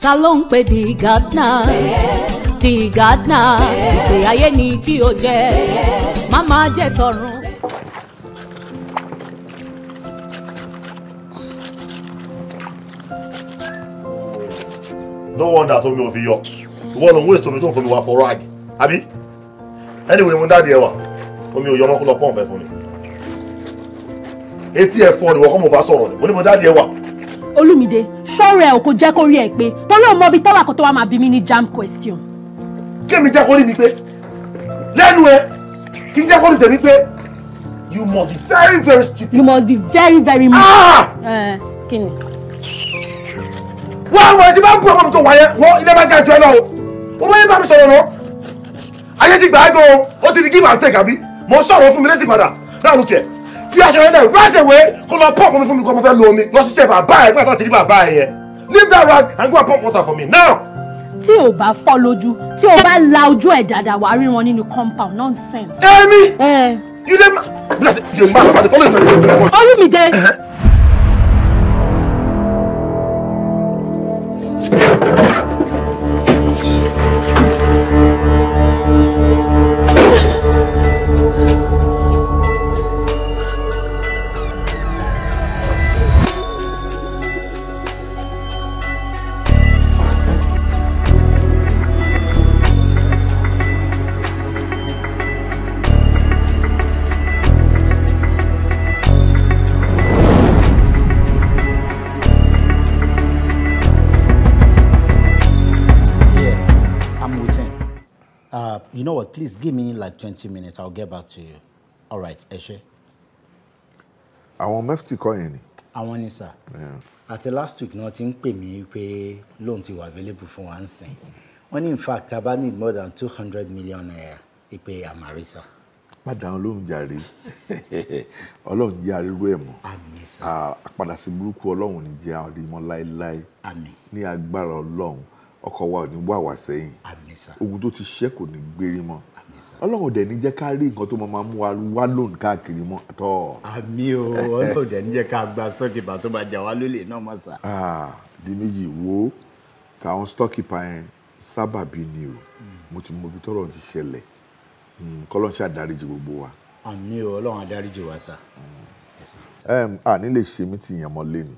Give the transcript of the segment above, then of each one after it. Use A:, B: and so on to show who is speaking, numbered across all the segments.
A: ta ló ń pè di gardener di gardener ìpè ayé ni kí o jẹ má má jẹ tọ̀run.
B: no wonder tómi ò fi yọ ìwọ ló ń wéṣọ omi tó ń fomi wá fọrọ àgì àbí anyway mo ń dáàdi ẹ wà omi ò yọ ọmọkúlọ pọ́ǹpẹ́ fún mi etí ẹ̀ fọ́ ni wọ́n kọ́ mo bá sọ̀rọ̀ ni mo ní mo dáàdi ẹ wà.
C: Olúmídé ṣọ́ọ̀rọ̀ ẹ̀ ò kò jẹ́ kó rí ẹ̀ pé torí òun mọ ibi tọ́wà kó tó wá máa bí mi ní jam question.
D: kémi jẹ́
E: kó
F: rí mi pé lẹ́nu ẹ kí n jẹ́ kó rí tèmi pé you must be very very stupid. you must be very very mad. Ah!
C: Uh, kí ni.
F: wọ́n àwọn ẹtí bá ń kú ọmọ mi tó wáyé wọ́n ilé bá ń ga jù ẹ lọ o wọ́n yẹn bá mi sọ̀rọ̀ lọ.
D: ayé ti gbà á gan o ti di kí màá tẹ̀ gàbí mo sọ̀rọ̀ fún mi lẹ́sìn padà láàrú kẹ̀ fi aṣọ rẹ̀ náà right away kó lọ pọ̀ ọmọ mi fún mi kó ọmọ fẹ́ lo omi lọ sí sẹ́ẹ̀ bàbá ẹ̀ gbàtà ti rí bàbá ẹ̀ yẹn leave that rag and go and pump water for me now.
C: tí o bá fọ́ lójú tí o bá la ojú ẹ̀ dáadáa wàá rí nínú compound nonsense. ẹ̀mí eh. you dey
F: bless you dey mad for
E: the following time you dey for. olumide. Uh-huh.
G: but please give me like 20 minutes I'll get back to you all right ẹ ṣe. àwọn
D: mẹ́fìtì
G: I want it, sir. Yeah. At the last week nothing. Pay me. Pay loan to wà available fún wa ń sìn in fact a need more than 200 million naira ìpè àmàrí sà. padà ọlọ́run jàre
D: ọlọ́run jẹ́ arírú ẹ̀ mọ́ Ah, sà àpadà sí burúkú ọlọ́run ní jẹ́ àrímọ́ láéláé àmín ní agbára ọlọ́run ọkọ wa ò ní wà wá sẹ́yìn ogun tó ti ṣẹ́ kò ní gbérí mọ́ ọlọ́run dẹ̀ ní jẹ́ ká rí nǹkan tó máa máa mú wa wá lóun káàkiri mọ́ àtọ́.
G: àmì o ọlọ́run dẹ̀ ní jẹ́ ká gba stọ́kìpà tó máa jà wá lólè náà mọ́ sá.
D: di méjì wo táwọn stọ́kìpà yẹn sábàbí ni o hmm. mo ti mọ ibi tọ́rọ̀ ti ṣẹlẹ̀ hmm, kọ́lọ́n ṣe àdáríjì gbogbo wa.
G: àmì o ọlọ́run àdáríjì wa sá.
D: Hmm. a ní lè ṣe mí ti yàn lé ni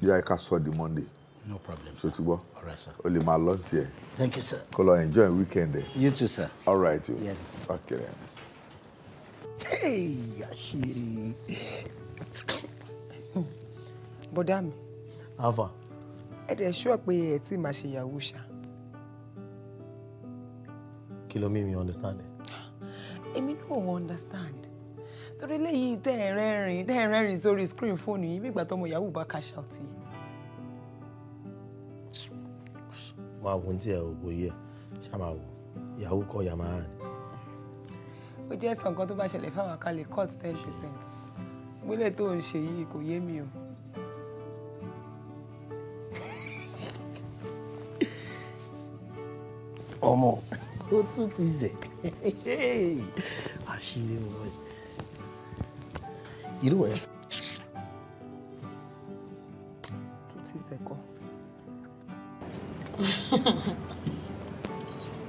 D: bí a ká sọ di Monday no problem sir. sotugbọ all right sir. Only my lunch here. thank you sir. kó lọ enjoy weekend ẹ. you too sir. all right o. yes. okay.
F: hey àṣírí. bọ́dá mi. ava. ẹ dẹ̀ ṣọ́ pé ẹ ti máa ṣe ìyàwó ṣá.
B: kí ló mean you understand.
F: èmi náà understand torí lẹ́yìn tẹ́ ẹ̀ rẹ́rìn tẹ́ ẹ̀ rẹ́rìn sórí screen fóònù yìí bí ìgbà tọmọ yahoo bá cash out yìí.
B: máa wò ní tiẹ̀ ògbó yẹ ṣá máa wò ìyàwó kọ́ ìyá máa hàn.
F: ó jẹ́ ẹ̀sán kan tó bá ṣẹlẹ̀ fáwọn akalẹ̀ cut ten percent gbélé tó ń ṣe yìí kò yé mi o.
B: ọmọ ó tún ti zẹ̀ àṣírí wọn. irú ẹ̀.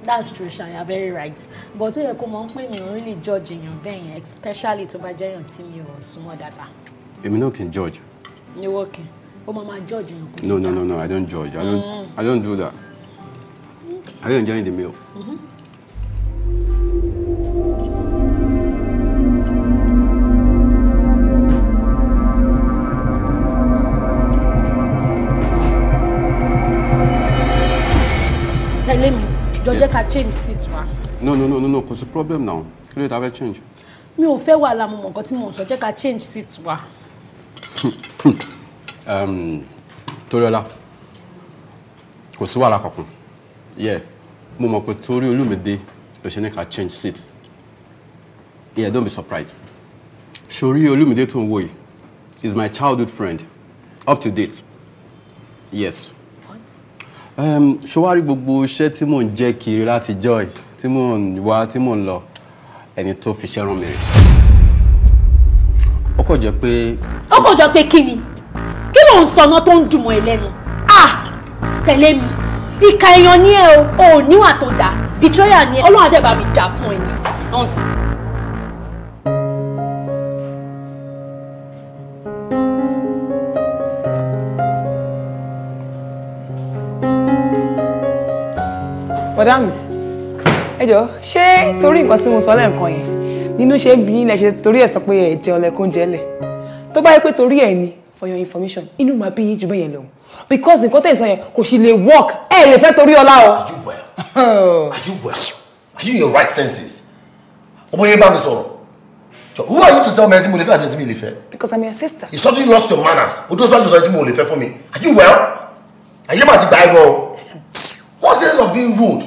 C: that's true Shaya. very right but ó yẹ kó mọ̀ ń pè mí ò really judge èèyàn bẹ́ẹ̀ yẹn especially tó bá jẹ́yàn tí mi ò súnmọ́ dáadáa.
D: èmi náà kì í judge.
C: ni wọ́n kì ó máa máa judge èèyàn
D: kan. no no no no i don't judge i don't mm. i don't do that mm. i don't join the meal.
C: Mm -hmm. change seat wa.
D: no no no no no kò sí problem now kí ló dé change.
C: mi ò fẹ́ wàhálà mo mọ̀ nǹkan tí mo sọ jẹ́ ká change seat wa.
D: Um, toriola kò sí wàhálà kankan yeah mo mọ̀ pé torí olúmídé ló ṣe ní ká change seat yeah don't be surprised
G: sori olúmídé
D: tó ń wò yìí is my childhood friend up to date yes ṣọwárí gbogbo iṣẹ́ tí mò ń jẹ́ kiri láti joy tí mò
G: ń wá tí mò ń lọ ẹni tó fi ṣẹ́ ràn mí rè ó kò jẹ́ pé.
C: ó kò jẹ́ pé kí ni kí ló ń sọnà tó ń dùn ẹ lẹ́nu ah tẹ̀lé mi ìka èèyàn ni ẹ o ò níwà tó dáa betrayal ni ẹ ọlọ́run àdẹ́bàmí dà fún ẹ ní.
H: bọ̀dá mi um, ẹ jọ
F: ṣé torí nǹkan tí mo sọ lẹ́ẹ̀kan yẹn nínú ṣe ń bí yín lẹ ṣe torí ẹ̀ sọ pé ẹ̀ jẹ́ ọlẹ́kùn jẹ́lẹ̀ tó bá yẹ pé torí ẹ̀ ni for your information inú máa bí yín jù bẹ́ẹ̀ yẹn lọ because nǹkan
B: tẹ̀sán yẹn kò sì lè work ẹ̀ lè fẹ́ torí ọlá o. are you well are you well are you in your right senses ọmọ yẹn bá mi sọ̀rọ̀ who are you to tell me anything mo lè fẹ́ anything mi lè fẹ́.
F: because i'm your sister.
B: you suddenly lost your manners o tó sọ àjọsọ anything mo lè fẹ́ fún mi are you well àyè máa ti gba ẹ gan What sense of being rude?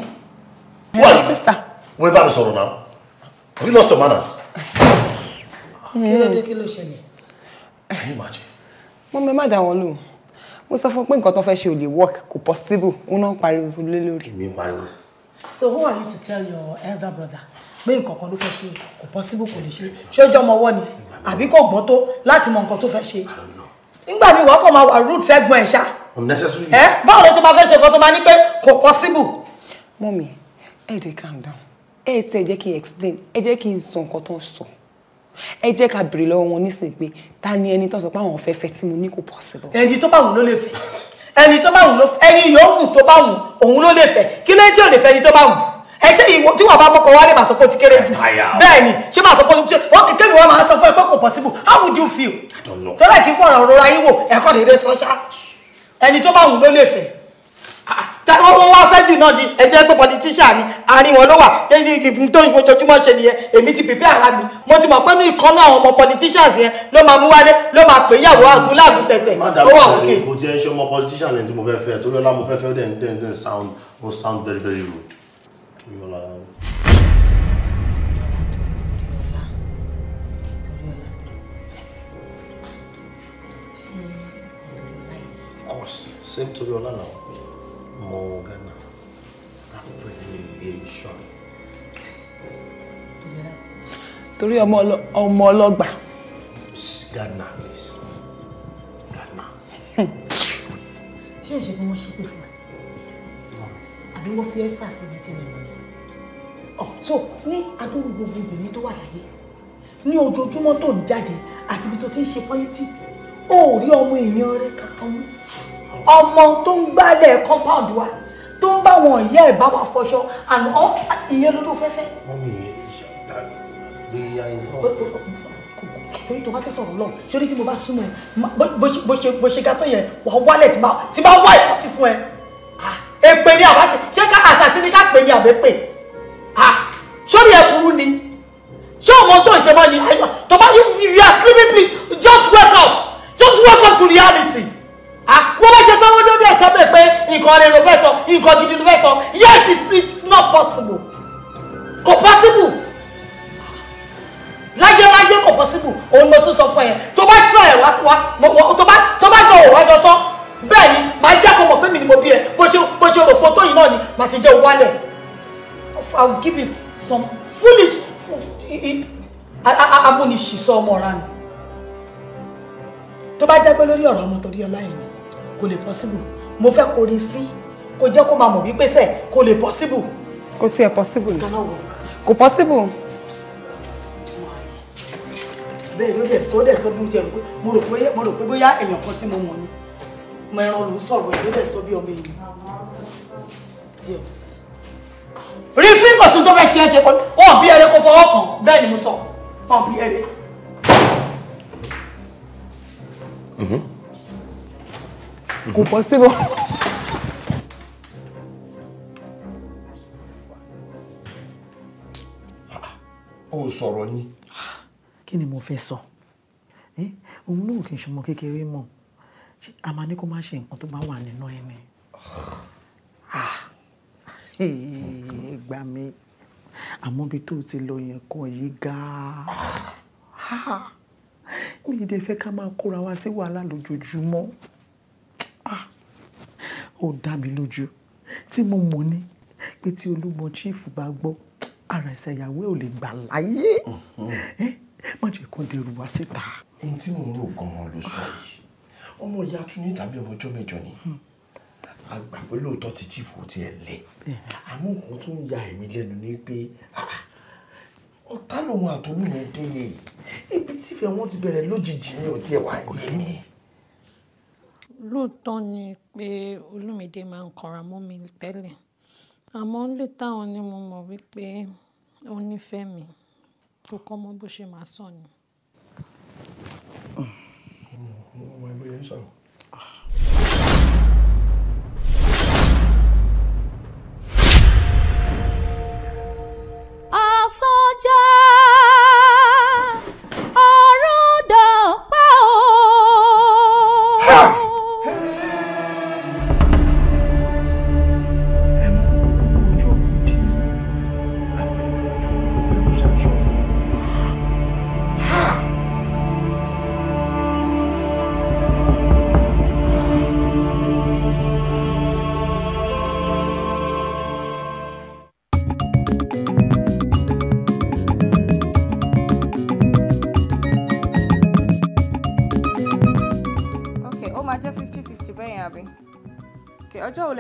B: Why? sister. we're bá mi sọ̀rọ̀ now. Have you lost your manners?
F: Yes. Hmm. ló dé kí ló ṣẹlẹ̀? Can you imagine? Mo mẹ́ má dá wọn lóhùn. Mo sọ fún pé nǹkan tó fẹ́ ṣe ò lè work kò possible. Wọ́n not ń pariwo lé lórí. Èmi ń So who are you to tell your elder brother? pé nǹkan kan ló fẹ́ ṣe kò possible kò lè ṣe ṣọjọ́ ọmọ ọwọ́ ni àbí kò gbọ́n tó láti mọ nǹkan tó fẹ́ ṣe nígbà míì wọ́n kàn máa wà rude sẹ́gbọ̀n ẹ̀ ṣáà
B: unnecessary. ẹ
F: eh? báwo ló ṣe máa fẹ́ ṣe nǹkan tó máa ní pé kò possible. mọ́mí ẹ dey calm down ẹ tẹ ẹ jẹ́ kí n explain ẹ jẹ́ kí n sọ nǹkan tó ń sọ ẹ jẹ́ ká béèrè lọ́wọ́ wọn nísìnyí pé ta ni ẹni tó sọ pé àwọn fẹ́ tí mo ní kò possible. ẹni tó bá wù ló lè fẹ́ ẹni tó bá wù ló fẹ́ ẹni yòówù tó bá wù òun ló lè fẹ́ kí ló ń tí ò lè fẹ́ ẹni tó bá wù ẹ ṣe ìwọ tí wàá bá mọkọ wá lè máa sọ pé ó ti kéré jù bẹ́ẹ̀ ni ṣé máa sọ pé ó ti kéré wọn kékeré wọn máa sọ fún ẹ pé kò possible how would you feel. I don't know. tọ́lá kì í fọ̀rọ̀ ọ̀rọ̀ ayé wò ẹ̀kọ́ ẹni tó bá wù ló lè fẹ́ tàbí wọn wá fẹ́ jù náà di ẹjẹ́ pé politician ni àárín wọn ló wà ṣéṣe ìgbìmọ̀ tó ń fojoojúmọ́ ṣe nìyẹn èmi ti pèpè ara mi mo ti mọ̀ pé ní ìkan náà àwọn ọmọ politicians yẹn
E: ló máa mú wálé ló máa pè yàwó
F: àgúláàgù tẹ̀tẹ̀
B: ó wà òkè. kò jẹ́ iṣẹ́ ọmọ politician ẹni tí mo fẹ́ fẹ́ torí ọlá mo fẹ́ fẹ́ dẹ̀ ń dẹ̀ sound ó sound very very rude. course same torí ọlá náà mo Ghana that privilegiation.
F: torí ọmọ ọlọ́gbà.
B: Ghana please
F: Ghana. ṣé ìṣe bí wọ́n ṣe pé fún ẹ àbí wọ́n fi ẹ́ sàṣìbí tí mi lọ́yẹ̀ ọ̀ so ní adúrú gbogbo obìnrin tó wà láyé ní ojoojúmọ́ tó ń jáde àti ibi tó ti ń ṣe politics ó rí ọmọ èèyàn rẹ kankan mú ọmọ tó ń gbálẹ̀ compound wa tó ń bá wọn ìyá ẹ̀ wa fọṣọ and all ìyẹn ló ló fẹ́fẹ́.
B: mọ́mí ìyá iná.
F: torí tó bá ti sọ̀rọ̀ lọ sórí tí mo bá súnmọ́ ẹ bó ṣe ga tó yẹ wàá wálẹ̀ tí bá wá ìfọ́tí fún ẹ èpè ni àbá ṣe ká àṣàṣì ni ká pè ní àbẹ́pẹ́ sórí ẹ burú ni ṣé ọmọ tó ń ṣe mọ́ ni tó bá you are sleeping please just wake up just wake up to reality. Ah, wọ́n bá ṣe sanwó dédé ẹ̀sán bẹ́ẹ̀ pé nǹkan rẹ̀ ló fẹ́ sọ nǹkan gidi ló fẹ́ sọ yes it's not possible kò possible lájẹ́lájẹ́ kò possible òun ló tún sọ fún ẹ tó bá try ẹ̀ wá tó bá tó bá dọ̀ wá jọ tán bẹ́ẹ̀ ni màá jẹ́ kó mọ̀ pé mi ni mo bí ẹ bó ṣe bó ṣe rò pé tó yìí náà ni màá ti jẹ́ wálẹ̀ I will give you some foolish amúnisìsọ ọmọ ọ̀ra nù tó bá jẹ́ pé lórí ọ̀rọ̀ ọmọ torí ọláyìn kò lè possible mo fẹ́ kó rí fín kó jẹ́ kó máa mọ̀ wípé sẹ̀ kò lè possible. kò tiẹ̀ possible. it cannot work. kò possible. bẹ́ẹ̀ ló dẹ̀ sọ dẹ̀ sọ bí mo jẹ́ mo rò pé mo rò pé bóyá èèyàn kan tí mo mọ̀ ni mo ẹran ló sọ̀rọ̀ ẹ̀ ló dẹ̀ sọ bí ọmọ èèyàn. rí fín kò tún tó fẹ́ ṣe é ṣe kọ́ ọ̀ bí ẹrẹ kó fọwọ́ kàn bẹ́ẹ̀ ni mo sọ ọ̀ bí ẹrẹ. Mm-hmm kò possible.
G: ó sọ̀rọ̀ ni.
F: kí ni mo fẹ́ sọ òun náà kì í ṣọmọ kékeré mọ́ a máa ní kó má ṣe nǹkan tó bá wà nínú ẹ ni ah, gbà mí àmọ́ bí tó ti lọ yẹn kan yìí ga ah. mi ì dé fẹ́ ká máa kóra wa sí wàhálà ó dá mi lójú tí mo mọ̀ ní pé tí olúmọ chief bá gbọ́ ara ẹ̀sẹ̀ ìyàwó ò lè gbà láyé eh, má jẹ́ kó dẹrù wá síta.
D: ẹni tí mò ń rò gan-an ló sọ yìí ọmọ ìyá tún ní tàbí ọmọ ọjọ́ mẹ́jọ ni àgbà hmm. pé lóòótọ́ ti chief ò tiẹ̀ lẹ̀ àmọ́ nǹkan tó ń ya èmi lẹ́nu ni pé ọ̀tá lòun àtọ́lùmọ̀ dé yìí ibi tí ìfẹ́ wọn ti bẹ̀rẹ̀ lójijì ni ò tiẹ̀ wá yé mi
C: lóòótọ́ ni pé olúmídé máa ń kanra mọ́ mi tẹ́lẹ̀ àmọ́ létà on ni mo mọ̀ wípé ó nífẹ̀ẹ́ mi kò kọ́ mọ bó ṣe máa sọ ni.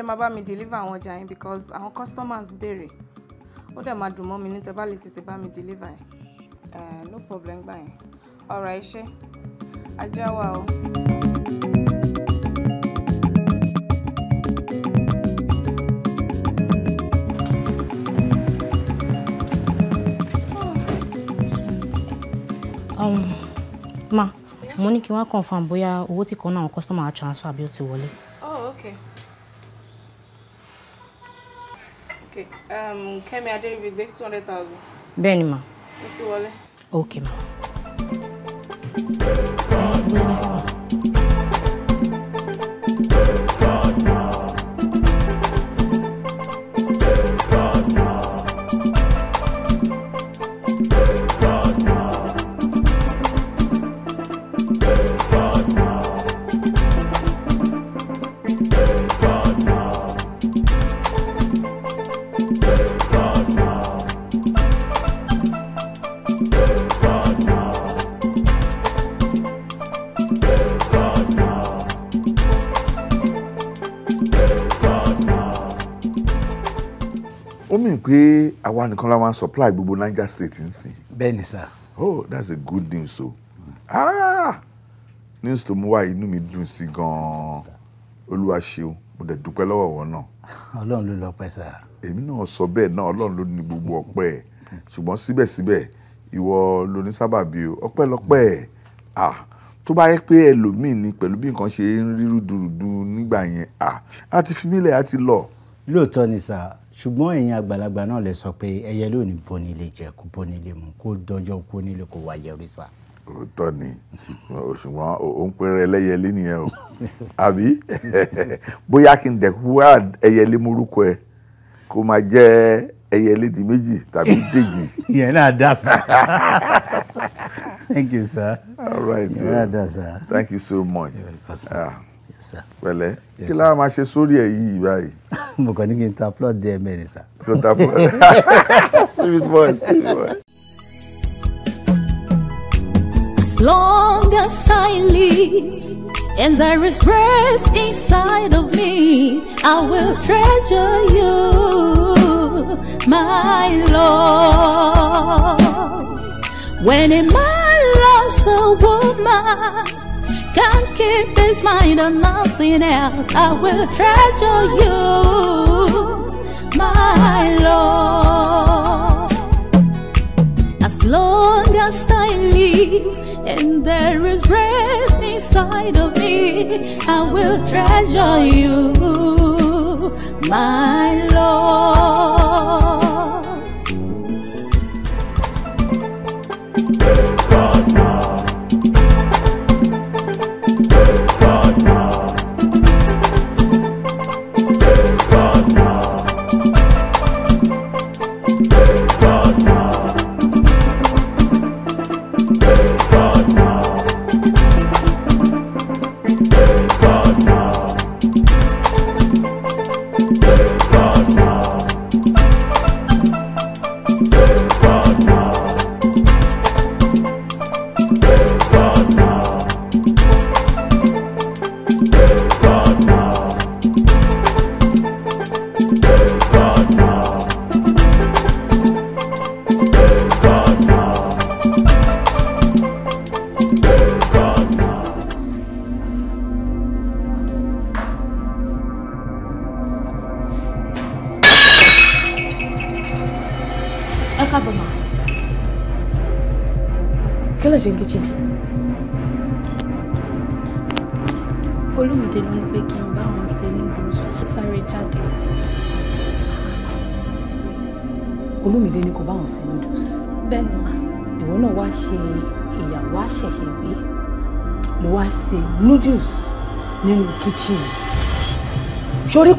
H: lè máa bá mi deliver àwọn ọjà yẹn because àwọn customers béèrè ó dẹ̀ máa dùn mọ́ mi ní tẹ́ bá lè tètè bá mi deliver yẹn eh, no problem gbà yẹn ọ̀rọ̀ ẹ ajá wa o.
C: Um, ma mo ní kí wọ́n confam bóyá owó tí kan náà customer transfer bí ó ti wọlé. oh okay
H: Okay. Um, Kẹ́mi Adéríbigbé two hundred thousand. Bẹ́ẹ̀ni ma. Ó ti wọlé.
C: Okay ma.
D: àwa nìkan la máa supply gbogbo Niger state ń sìn. bẹ́ẹ̀ni sá. oh that's a good thing. So, ah news to mú wá inú mi dùn sí gan-an olúwa ṣeun mo dẹ̀ dúpẹ́ lọ́wọ́ wọn náà.
G: ọlọ́run ló lọ́pẹ́ sá.
D: èmi náà sọ bẹ́ẹ̀ náà ọlọ́run ló ní gbogbo ọpẹ́ ẹ̀ ṣùgbọ́n síbẹ̀síbẹ̀ ìwọ ló ní sábàbí o ọpẹ́lọpẹ́ ẹ̀ ah tó bá yẹ pé ẹlòmíì ni pẹ̀lú bí nǹkan ṣe ń rí rúdurùdu nígbà yẹn ah àti
G: fi mílẹ̀ àti lọ. lóòótọ́ ni sá ṣùgbọ́n ẹ̀yin àgbàlagbà náà lè sọ pé ẹyẹ ló ní bonile jẹ kó bonile mu kó dọjọ́ kó nílé kó wá yẹrí sá. òótọ́ ni ṣùgbọ́n òun péré ẹlẹ́yẹlé nìyẹn o àbí
D: bóyá kí n dẹ̀kú wá ẹyẹlé morúkọ ẹ kó máa jẹ́ ẹyẹlé di méjì tàbí
G: dèjì. ìyẹn náà dá sá. thank you sir. all right ìyẹn náà dá sá. thank
D: you so much. Yeah, sà. pẹ̀lẹ́ kí láwọn máa ṣe sórí ẹ
G: yìí báyìí. mo kàn ní kí n ta plot díẹ̀ mẹ́rin sà. tó ta plot sweet boy sweet boy.
A: As long as I live and there is breath inside of me, I will treasure you, my love. When a man loves a woman. Can't keep his mind on nothing else. I will treasure you, my Lord. As long as I live and there is breath inside of me, I will treasure you, my Lord.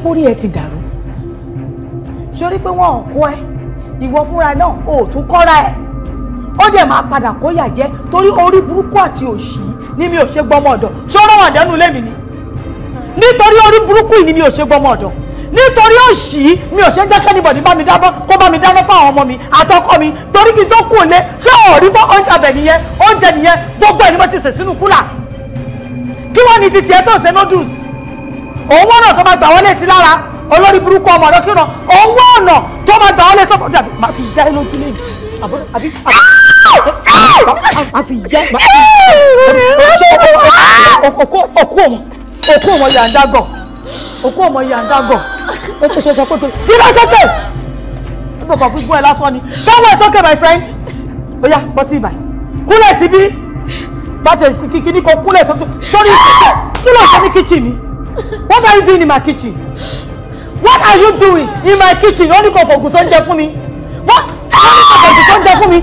F: orí ẹ ti dàrú sórí pé wọn ò kọ́ e, ẹ ìwọ fúnra náà ò tún kọ́ra ẹ e. ó dẹ̀ máa padà kóyà jẹ́ torí orí burúkú àti òṣì ni mi ò ṣe gbọ́mọ ọ̀dọ̀ ṣé ó rọ̀wọ̀n dẹ́nu lé mi ni nítorí orí burúkú yìí ni mi ò ṣe gbọ́mọ ọ̀dọ̀ nítorí òṣì mi ò ṣe ń jẹ́kẹ́ níbọ̀dí bá mi dábọ́ kó bá mi dáná fáwọn ọmọ mi àtọkọ mi torí kí n tó kú òlé ṣé ọ̀rí bọ́ oúnjẹ abẹ nìyẹn oúnjẹ nìyẹn gbogbo ẹ̀ e ni mo ti sè sínú kúlà kí wọ́n ní ti tiẹ̀ tó ṣe noodles òun wọ́n náà tó máa gbà wọlé sí lára olórí burúkú ọmọ ọ̀dọ́ kírun òun wọ́n ọ̀nà tó máa gbà wọlé sọ́kọ̀ dàbí màá fi já lójú lé àbí màá fi já òkú òun òkú òun yàndágọ̀ òkú òun yàndágọ̀ ètò ìṣẹ̀ṣẹ̀ pé pé dídá sókè ẹgbẹ́ kan fún gbọ́ ẹ lásán ni tọ́wọ́ ẹ sókè my friend ó yá bọ́ sí ibà kúlẹ̀ síbí bá tẹ̀ kíkí ní kò kúlẹ̀ sókè sórí kí ló ń sọ ní kíchìn mi. What are you doing in my kitchen? What are you doing in my kitchen? Wọ́n ní kò fògùn sóúnjẹ fún mi. Wọ́n ní kò fògùn sóúnjẹ fún mi.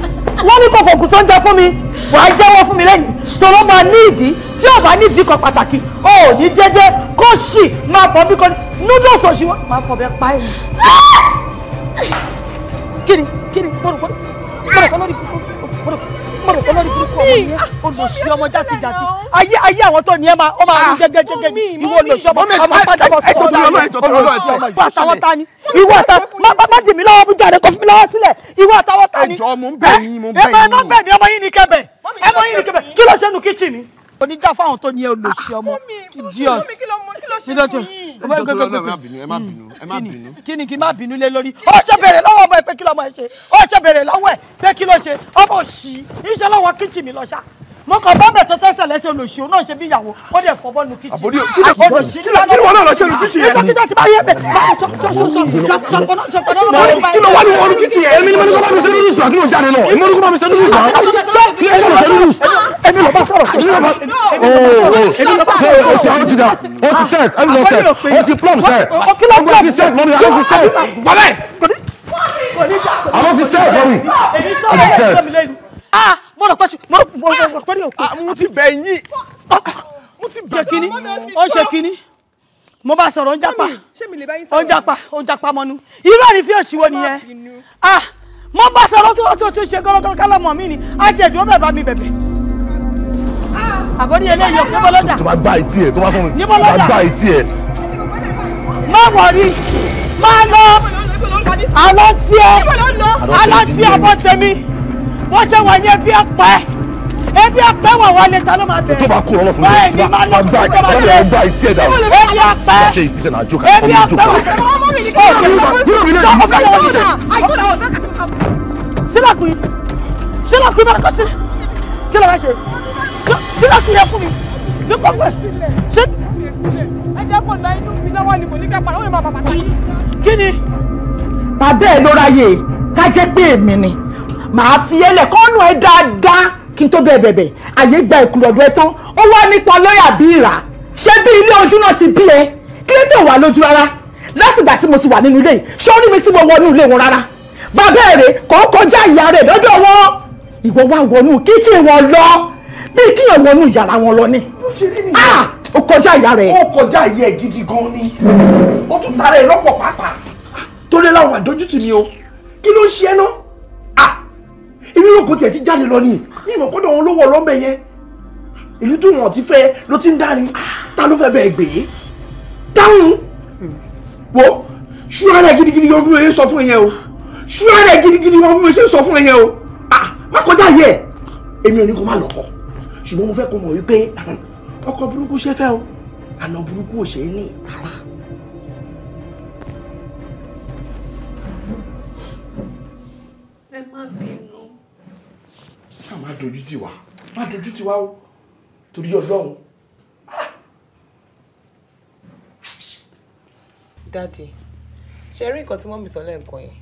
F: Wọ́n ní kò fògùn sóúnjẹ fún mi. Wàá jẹ́wọ́ fún mi lẹ́yìn. Tòró máa ní ìdí tí ò bá ní ìdí kan pàtàkì. O ò ní dédé kó ṣì máa bọ̀ bí kan noodles òṣì wọn. Màá fọ̀bẹ pa ẹ̀ mi. Kí ni kí ni bọ́dọ̀ lórí kúkú mo rò pé lórí burúkú ọmọ yẹn ah, olùsí ọmọ játijàti ayé ayé àwọn tó ní ẹ máa ọ máa rí gẹgẹgẹgẹ ìwọ olùsí ọmọ ọmọ padà bọ sọ ọmọ àtàwọn ta ni ìwọ àtàwọn má má dì mí lọ́wọ́ bú jàre kó fi mí lọ́wọ́ sílẹ̀ ìwọ àtàwọn ta ni ẹ bẹ́ẹ̀ náà bẹ́ẹ̀ ni ọmọ yìí ní kẹbẹ̀ ọmọ yìí ní kẹbẹ̀ kí ló ṣe nu kíchìn ni oníjà fáwọn tó ní olùsí ah, ọmọ idiot kí ló tún ẹ má bínú ẹ má bínú ẹ má bínú. kí ni kí n má bínú lé lórí ó ṣe béèrè lọ́wọ́ ọmọ ẹ pé kí lọ́mọ ẹ ṣe ó ṣe béèrè lọ́wọ́ ẹ pé kí ló ṣe ọmọ òṣì iṣẹ́ lọ́wọ́ kíchìn mi lọ ṣá mo kàn bá bẹ̀ tó tẹ́sẹ̀ lẹ́sẹ̀ olùṣèlú náà ṣe bí ìyàwó ó dẹ̀ fọwọ́ nu kíchìn. àbòdì kí ló wà lọ́ọ́ ṣe nu kíchìn yẹn. dókítà ti bá yẹ bẹ̀ kí ló wà ní wọnú kíchìn yẹn. èmi ni mo ní kó bá mi ṣe nínú ìṣù àdúrà jáde lọ èmi ní kó bá mi ṣe nínú ìṣù àdúrà kí ló wà nínú ìṣù èmi ló bá sọ̀rọ̀ èmi ló bá
E: ooo èmi ló bá sọ̀rọ̀ o ti àwọn ti da o ti set ẹni lọ set o ti plum set o
B: ti set mọ́mi o ti set. àwọn ti set
F: mọ́mi o ti set mo rò pé mo rò mo rò pé ní òkú. Ah, mo ti bẹ̀ yín. Ah, mo ti bẹ̀ kíní ó ṣe kíní mo bá sọ̀rọ̀ ó ń japa ó ń japa ó ń japa mọ́nu irú ẹ̀rí fi òṣìwò nìyẹn ah mo bá sọ̀rọ̀ tó tó tó ṣe gọ́lọ́gọ́lọ́ kálọ̀mọ̀ mi ni á ti ẹ̀dùn ó bẹ̀ bá mi bẹ̀bẹ̀ àbọ̀dí eléyìí ọ̀ níbo lọ́jà. tó
D: bá gbá etí ẹ̀ tó bá sọ̀rọ̀ níbo lọ́jà tó bá gbá etí ẹ̀. má
F: wọrí má lọ àlọ́ tiẹ̀ àlọ́ tiẹ̀ àbọ̀ tèmi bó ṣe wà ní ebi ọ̀pẹ́ ebi ọ̀pẹ́ wà wọlé ta ló máa bẹ̀rẹ̀. tó
B: bá kó lọ́wọ́ fún mi bẹ́ẹ̀ ni máa lọ sí tó máa ṣe ebi ọ̀pẹ́ ebi ọ̀pẹ́ wà
E: ọmọ mi ní kí n bá wọlé ọmọ mi ní kí n bá wọlé
F: sílẹ̀kùn sílẹ̀kùn bá kọ́ sílẹ̀ kí ló bá ṣe sílẹ̀kùn yẹ fún mi ní kọ́fẹ́ sílẹ̀. ẹ jẹ́ kó la inú mi lọ́wọ́ ni kò ní ká pa àwọn èèyàn bàbá bàtà yìí. kí ni. bàbá ẹ ló ráyè ká jẹ́ pé èmi ni màá fi ẹlẹ̀ kọ́nù ẹ dáadáa kí n tó bẹ̀ bẹ̀bẹ̀ àyè gba ìkùlọ̀ ọ̀dọ̀ ẹ tán ó wá nípa lọ́ọ̀yà bí ìrà ṣé bí ilé ojú náà ti bí ẹ kí ló tó wà lójú rárá látìgbà tí mo ti wà nínú ilé yìí sọ́ọ́rí mi tí mo wọnú ilé wọn rárá bàbá èrè kò kọjá ìyá rẹ̀ lọ́dọ̀ wọn ìwọ wá wọnú kíchìn wọn lọ bí kíyàn wọnú yàrá wọn lọ ni. Ah! ó kọjá ìyá rẹ̀. ó kọjá ìyá ẹ̀ gidi gan ni ó
D: tún tara ẹ̀ lọ́pọ̀ pàápàá torí láwọn àdójútì ni o kí ló ń ṣe náà èmi rò kó tiẹ̀ ti jáde lọ ni mi mọ̀ kọ́dọ̀ òun ló wọ̀ lọ́mbẹ yẹn ìlú tí wọn ti fẹ́ ló ti ń dárin ta ló fẹ́ bẹ́ẹ̀ gbé dáhùn wo ṣúra rẹ̀ gidigidi wọn bí mo ṣe sọ fún ẹ̀yẹ o ṣúra rẹ̀ gidigidi wọn bí mo ṣe sọ fún ẹ̀yẹ o ah má kọjá yẹ èmi ò ní kó má lọ́kọ ṣùgbọ́n mo fẹ́ kó mọ̀ wípé ọkọ burúkú ṣe fẹ́ o àná burúkú ò ṣe é ní rárá.
E: ẹ má bínú
D: ṣáà má dojú tì wá má dojú tì wá o torí
F: ọlọ́run. Ah! dáàdì ṣe rí nǹkan tí mọ́mí sọ lẹ́ǹkan yẹn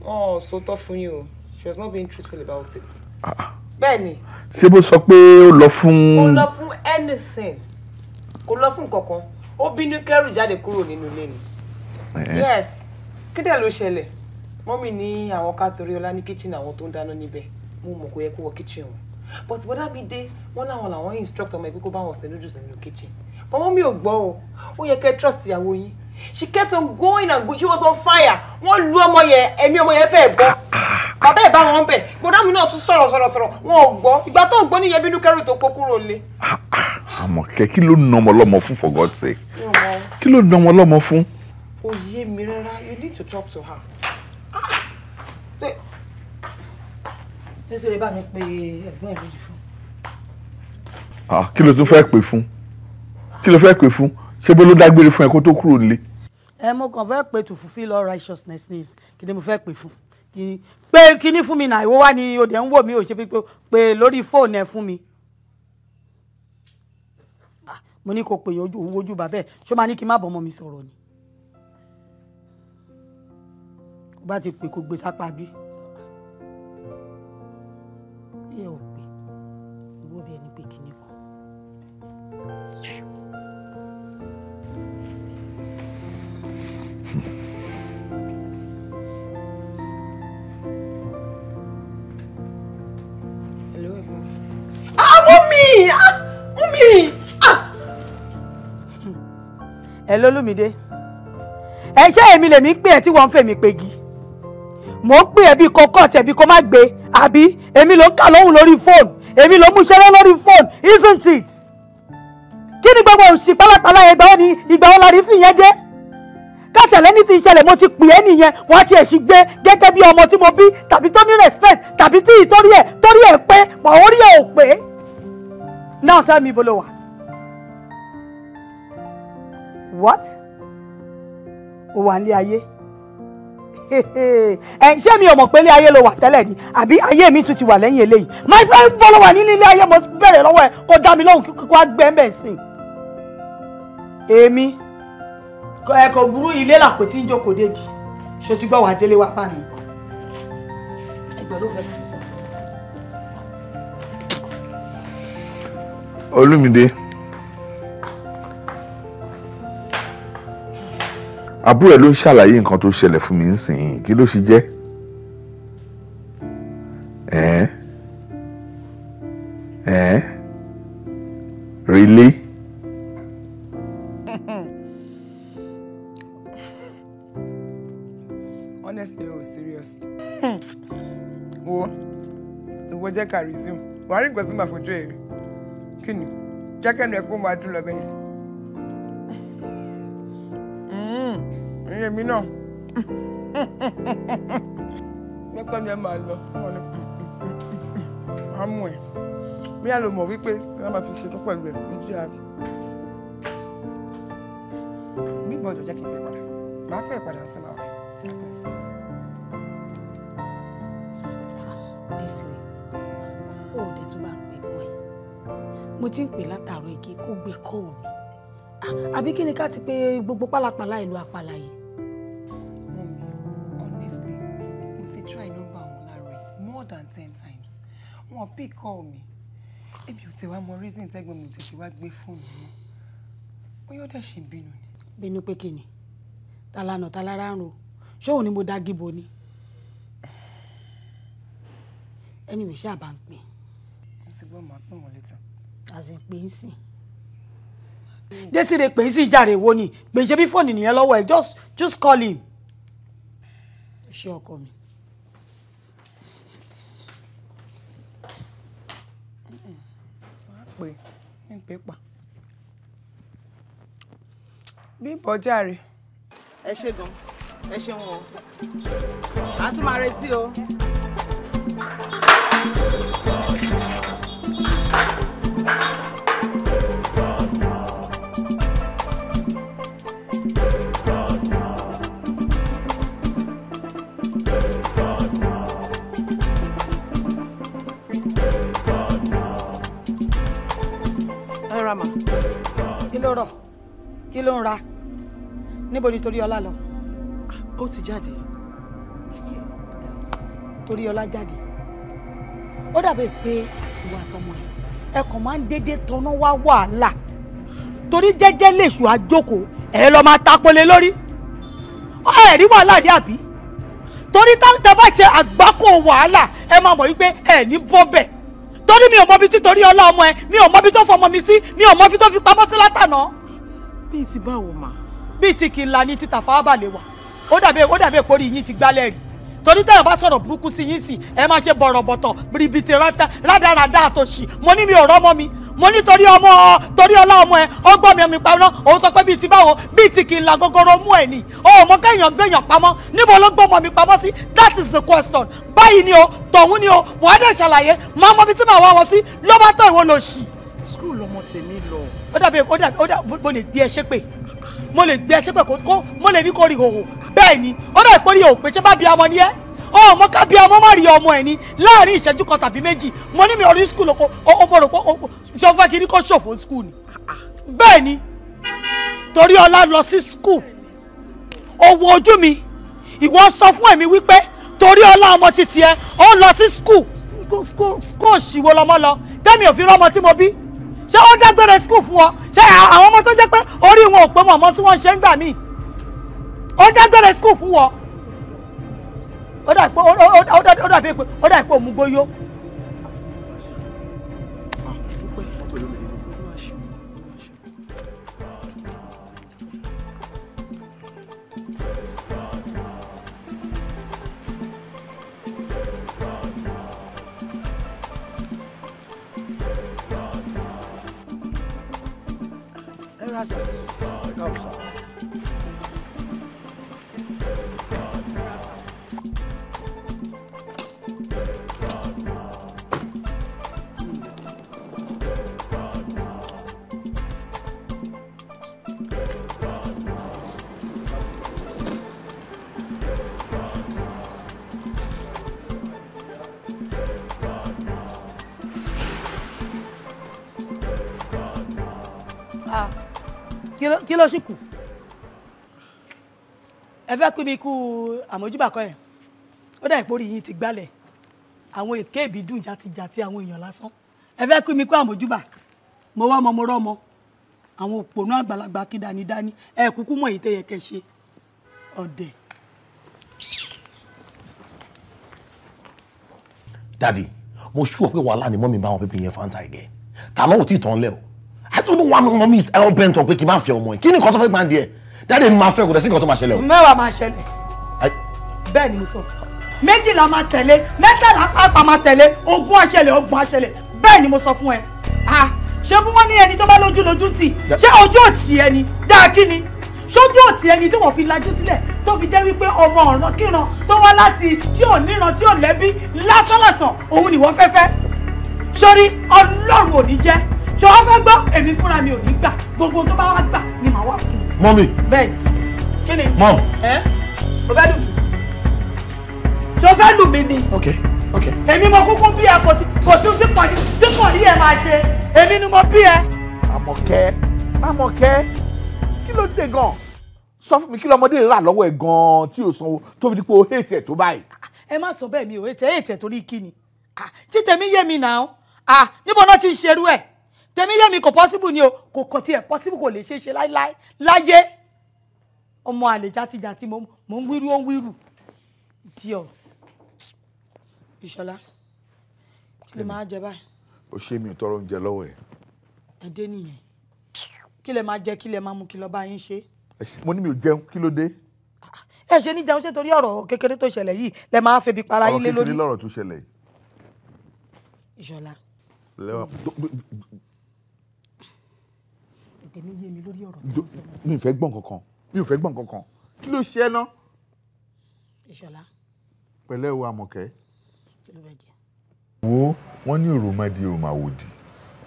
F: wọn ò sòótọ́ fún yín o she was not being truthful about it. Ah, ah. bẹ́ẹ̀
D: ṣé bó sọ pé ó lọ fún. kò lọ
F: fún anything kò lọ fún kankan ó bínú kẹ́rù jáde kúrò nínú ilé ni. yes kí dẹ̀ ló ṣẹlẹ̀ mọ́mí ní àwọn ká torí ọlá ní kíchìn àwọn tó ń dáná níbẹ̀ mo mọ̀ yẹ kó wọ kitchen wọn but bọ́dá mi dé wọ́n láwọn làwọn instruct ọmọ ẹgbẹ́ kó bá wọn ṣe noodles nínú kitchen bọ́mọ́ mi ò gbọ́ o ó yẹ kẹ́ trust ìyàwó yín she kept on going and going she was on fire wọ́n lu ọmọ yẹn ẹ̀mí ọmọ yẹn fẹ́ gbọ́ bàbá ẹ̀ bá wọn bẹ̀ bọ́dá mi náà tún sọ̀rọ̀ sọ̀rọ̀ sọ̀rọ̀ wọn ò gbọ́ ìgbà tó gbọ́ níyẹn bínú kẹ́rù tó kó kúrò lé.
D: Àmọ̀kẹ́ kí ló na ọmọ ọlọ́mọ fún for God's sake kí ló na ọmọ ọlọ́mọ fún.
F: ó mi rárá you need to talk to her tẹ́sí rẹ bá mi pe ẹ̀gbọ́n ẹ̀ lójú fún.
E: Ah,
D: kí ló tún fẹ́ pè fún kí ló fẹ́ pè fún ṣé bó ló dágbére fún ẹ kó tó kúrò nílé.
F: ẹ mo kàn fẹ́ pè to fulfil all righteousness needs kí ni mo fẹ́ pè fún pé kíní fún mi náà ìwọ wá ni òde ń wò mí ò ṣe pé pé lórí fóònù ẹ fún mi ah, mo ní kó pè yín ojú ojú bàbá ẹ ṣó máa ní kí n má bọ́ ọmọ mi sọ̀rọ̀ ni bá ti pè kó gbé sápá bíi. mummy ah mummy ah. ẹ lólùmídé ẹ ṣé èmi lèmi pè ẹ tí wọ́n ń fèmí pegi mò ń pè ẹ bí kọkọ tẹbi kó má gbé àbí èmi ló ń kà lóhùn lórí fóònù èmi ló ń múṣẹ́rẹ́ lórí fóònù isn't it kí ni gbogbo òsì pálapàla ìgbà wo ni ìgbà wo la rí fìyẹn dé kátẹ̀lẹ́ ní ti ìṣẹ̀lẹ̀ mo ti pè é nìyẹn wọ́n á ti ẹ̀sìn gbé gẹ́gẹ́ bí ọmọ tí mo bí tàbí tó ní respect tàbí tí ìtórí ẹ̀ torí ẹ̀ pé màá orí ẹ̀ ò pé. Now tell me, Bolo, what? What? O wà Hey ayé? Ẹ ṣé mi ò mọ̀ pé ilé ayé ló wà tẹ́lẹ̀ ayé mi tuti ti wà lẹ́yìn My friend Bolo wà nínú ilé ayé mo bẹ̀rẹ̀ lọ́wọ́ ẹ̀ kó dá mi lóhùn kíkọ́ wá gbẹ́ mbẹ̀ sí i. Èmi ẹ kò burú ilé làpótí ń jókòó dédì ṣó ti gbọ́ wà délé wá bá mi. Ẹgbẹ́ ló fẹ́
D: Olúmídé. àbúrò ẹ ló ń ṣàlàyé nǹkan tó ṣẹlẹ̀ fún mi nísìnyí kí ló ṣe jẹ́ ẹ̀ẹ́n ẹ̀ẹ́n
E: really.
F: honestly o serious wo ìwọ jẹ́ ká resume wàá rí nǹkan tí màá fojú ẹ̀ rí. Kini? Cheke ni ẹkún máa tún lọ bẹ́yẹn.
D: Ẹyẹ hmm, mi náà. Mẹ́kọ́ ni ẹ máa lọ. Amú ẹ̀. Bí a lò mọ̀ wípé ẹ máa fi ṣetán pẹ̀lú
F: ẹ̀ lójú àti. Bí gbọ́dọ̀ jẹ́ kí n pè padà. Màá pè padà sí màá. mo ti ń pè látàárọ̀ igi kó gbé kọ́ ò ah, àbí kí ni ká ti pè gbogbo pálapàla ìlú apàlà yìí. mọ́mi honestly mo ti try nọ́mbà wọn lára ẹ̀ more than ten times wọn pick call mi èmi ò tẹ̀ wá mọ reason tẹ́gbọ̀n mi ò tẹ̀ ṣe wá gbé fóònù mọ́ bóyá ó dẹ̀ ṣì ń bínú ni. bínú pé kí ni talana talara ń ro ṣé ni mo dá gíbo ni anyway ṣáà bá ń pè.
H: mo ti gbọ́ màá pè wọ́n létà
F: ṣàṣẹ pé ń sìn. Désiré pé ń sìn jàre wo ni pé ṣe bí fóònù nìyẹn lọ́wọ́ ẹ̀ just just call him. ṣé ọkọ mi. wàá pè é ń pè é pa. bímbọ́ jàre. ẹ ṣe gan ẹ ṣeun o a tún máa retí o. Thank you. kí ló rọ̀ kí ló ń ra níbo ni Toríọlá lọ. ó ti jáde. Toríọlá jáde ó dàbí pé àtiwá àtọmọ ẹ ẹ kàn máa ń dédé tọná wá wàhálà torí jẹ́jẹ́ lèṣù àjókòó ẹ lọ máa tapolé lórí ẹ rí wàhálà rí àbí torí táwọn tẹ bá ṣe àgbákò wàhálà ẹ máa mọ̀ wípé ẹ ní bọ́bẹ̀ torí mi ò mọbi títorí ọlá ọmọ ẹ mi ò mọbi tó fọmọ mi sí mi ò mọbi tó fi pamọ́ sí látànà. bíi ti báwo mà. bíi ti kìlà ni ti tàfà ábàlẹ̀ wà ó dàbí ó dàbí èpò rí yín ti gbálẹ̀ rí torí tẹ́yàn bá sọ̀rọ̀ burúkú sí yín sí ẹ máa ṣe bọ̀rọ̀bọ̀tọ̀ bìrìbìtì rádaràdà àtòṣì mo ní mi ò rọ́mọ mi mo ní torí ọmọ torí ọlá ọmọ ẹ ó gbọ́ mi omi pamọ́ òun sọ pé bíi ti báwo bíi ti kì í la gogoro mú ẹ ni òun mọ kéèyàn gbéyàn pamọ́ níbo ló gbọ́ ọmọ mi pamọ́ sí that is the question báyìí ni o tọ̀hún ni o wọ́n á dẹ̀ ṣàlàyé máa mọ ibi tí màá wá wọn sí ló bá tọ̀ ìwọ lọ sí. skul ọmọ tèmi lọ. ó dàbí ó dàbí mo lè gbé ẹ ṣépè mo lè gbé ẹ ṣépè kó mo lè ní kó rí hòhò bẹ́ẹ̀ ni ó náà ìpọ́nrí ò pé ṣé bá bí amọ ni ẹ́ ọ mọ ká bí amọ má rí ọmọ ẹ ni láàrin ìṣẹ́jú kan tàbí méjì mo ní mi ò rí skul oko ọmọ rò pé ṣé o fẹ́ kí ni kò ṣòfò skul ni bẹ́ẹ̀ ni torí ọlá lọ sí skul ó wo ojú mi ìwọ sọ fún èmi wípé torí ọlá ọmọ títí ẹ ó lọ sí skul skul ṣìwò lọmọ lọ tẹ́mi ò fi rọ́mọ tí mo bí ṣé ó dágbére skul fún ọ ṣé àwọn ọmọ tó jẹ́ pé orí wọn ò pé mọ̀ ọmọ tí wọ́n ṣe ń gbà míì ó dágbére skul fún wọ ó dàbí pé ó dàbí pé òun gbóyó. Gracias. Vamos kí ló sì kù ẹ fẹ́ kú mi kú àmójúbà kọ́ ẹ̀ ó dà ìpórí yìí ti gbálẹ̀ àwọn èké ìbídùn jatijàti àwọn èèyàn lásán ẹ fẹ́ kú mi kú àmójúbà mo wá ọmọ mo rọ́mọ àwọn òpònú àgbàlagbà kí dánidání ẹ kúkú mọ̀ èyí tó yẹ kẹ́ ṣe ọ̀dẹ̀.
B: dadi mo ṣú ọ pé wàhálà ni mọ́mi bá wọn pépè yẹn fanta ẹ̀gẹ́ tàná ò tí ì tán lẹ́ I don't know why my mummy is hell bent on pé kí n máa fẹ́ ọmọ yìí kí ni nǹkan tó fẹ́ gbàǹdì ẹ̀ dáadé ni máa fẹ́ kò dẹ̀ sí nǹkan tó máa ṣẹlẹ̀ o.
F: mẹ́wàá máa ṣẹlẹ̀ bẹ́ẹ̀
B: ni mo sọ méjìlá máa tẹ̀lé mẹ́tàlá
F: pàápàá máa tẹ̀lé ogún àṣẹlẹ̀ ọgbọ̀n àṣẹlẹ̀ bẹ́ẹ̀ ni mo sọ fún ẹ ṣé bí wọ́n ní ẹni tó bá lójú lójú tì ṣé ojú òtì ẹni dáa kí ni sójú òtí ẹni tí wọ́n fi lajú sílẹ̀ tó fi jẹ́ wípé ọmọ ọ̀ràn kíran tó wá láti tí ò níran tí ò lẹ́bí lásánlàsàn òun nìwọ fẹ́fẹ́ sórí ọlọ́run ò ní jẹ́ ṣé wọ́n fẹ́ gbọ́ èmi fúnra mi ò ní gbà gbogbo tó bá wá gbà ni màá wà fún un. mọ́mì. bẹ́ẹ̀ni kí ni. mọ́m. ẹ o fẹ́ lù mí ṣé o fẹ́ lù mí ni. ok ok. èmi mo kúkú bí ẹ kò sí kò sí tí kò ní tí kò ní ẹ máa ṣe èmi ni mo bí ẹ.
D: àmọ̀kẹ́ àmọ̀kẹ́ kí ló dé gan sọ fún mi kí lọmọdé rà lọ́wọ́ ẹ̀ gan tí o sanwó tó fi di pé o hate ẹ̀ tó báyìí.
F: ẹ má sọ bẹ́ẹ̀ mi ò hate ẹ̀ hate ẹ̀ torí kí ni ah, títẹ̀mí yé mi nà án ah, níbo náà ti ń ṣerú ẹ̀ tèmi yẹmi kò possible ni o kò kàn tiẹ̀ possible kò lè ṣe é ṣe láéláé láyé ọmọ àlè játijàti mò ń wíru ó ń wíru dios ìṣọlá kí lè máa jẹ báyìí.
D: o ṣé mi ò tọrọ oúnjẹ lọ́wọ́ ẹ.
F: ẹ dé nìyẹn kí lè máa jẹ kí lè máa mu kí lọ bá yín ṣe.
D: mo ní mi ò jẹun kí ló dé.
F: ẹ ṣe ní jẹun ṣe torí ọ̀rọ̀ kékeré tó ṣẹlẹ̀ yìí lè máa febi para yín lé lórí. ọ̀rọ̀ kékeré
D: lọ̀rọ̀ tó ṣẹlẹ̀
F: ìṣọlá dẹ̀ ní yé mi lórí ọ̀rọ̀ tí wọ́n sọ. mi ò fẹ́
D: gbọ́n kankan mi ò fẹ́ gbọ́n kankan
F: kí ló ṣe é ná. ìṣọ̀lá.
D: pẹ̀lẹ́ o àmọ̀kẹ́. kí ló bẹ jẹ. wo wọn ní òròmọdé ò máa wòdì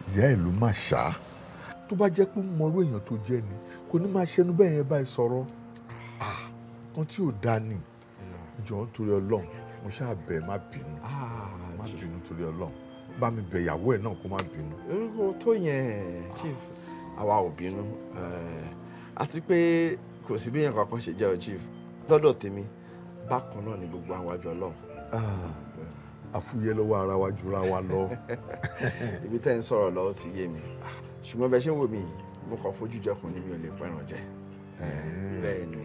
D: ìyá ẹ ló máa ṣá tó bá jẹ́ pé mọrú èèyàn tó jẹ́ ni kò ní máa ṣẹnu bẹ́ẹ̀ yẹn báyìí sọ̀rọ̀ ah. ah, kan tí ò dá ni jọ ń torí Ọlọ́run mo ṣáà bẹ̀ má bínú ah, má bínú torí Ọlọ́run bá mi bẹ̀ ìyàwó ẹ̀ náà kó má bínú. orúkọ tó yẹn chief àwa ò bínú eh, àti pé kò sí bí nǹkan kan ṣe jẹ́ o chief lọ́dọ̀ tèmi bákan náà ni gbogbo àwọn àjọ ọlọ́run. Ah, àfúyẹ́ lọ́wọ́ ara wa jura wa lọ. ibi tẹ́ ń sọ̀rọ̀ lọ́wọ́ ti yé mi ṣùgbọ́n bẹ́ẹ̀ ṣe ń wò mí mo kàn fojú jẹkùn ni mi ò lè pẹ́ràn jẹ eh. bẹ́ẹ̀ ni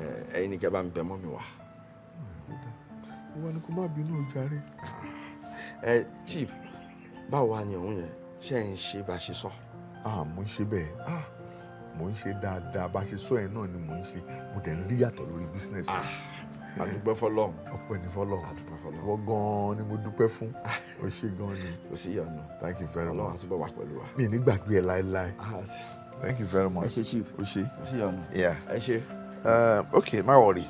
D: eh, ẹ̀yin ni kẹ́ bá ń bẹ mọ́ mi wá. ìwọ ni kò má bínú o jàre. ẹ chief báwo wá ni òun yẹn ṣe ń ṣe bá ṣe sọ. So? ah mò ń ṣe bẹ́ẹ̀ ah mò ń ṣe dáadáa bá ṣe sọ ẹ̀ náà ni mò ń ṣe mo dẹ̀ ń rí yàtọ̀ lórí bísínẹ́sì a dúpẹ́ fọlọ́run ọpẹ́ ní fọlọ́run a dúpẹ́ fọlọ́run wọ́n gan-an ni mo dúpẹ́ fún o ṣe gan-an ni o sì yànnà thank you very much ọlọ́run àtúbọ̀ wà pẹ̀lú wa mi ní gbàgbé ẹ láéláé ah, thank you very much ẹ ṣe chief o ṣe o sì yànnà ẹ ṣe. Uh, okay má wọrí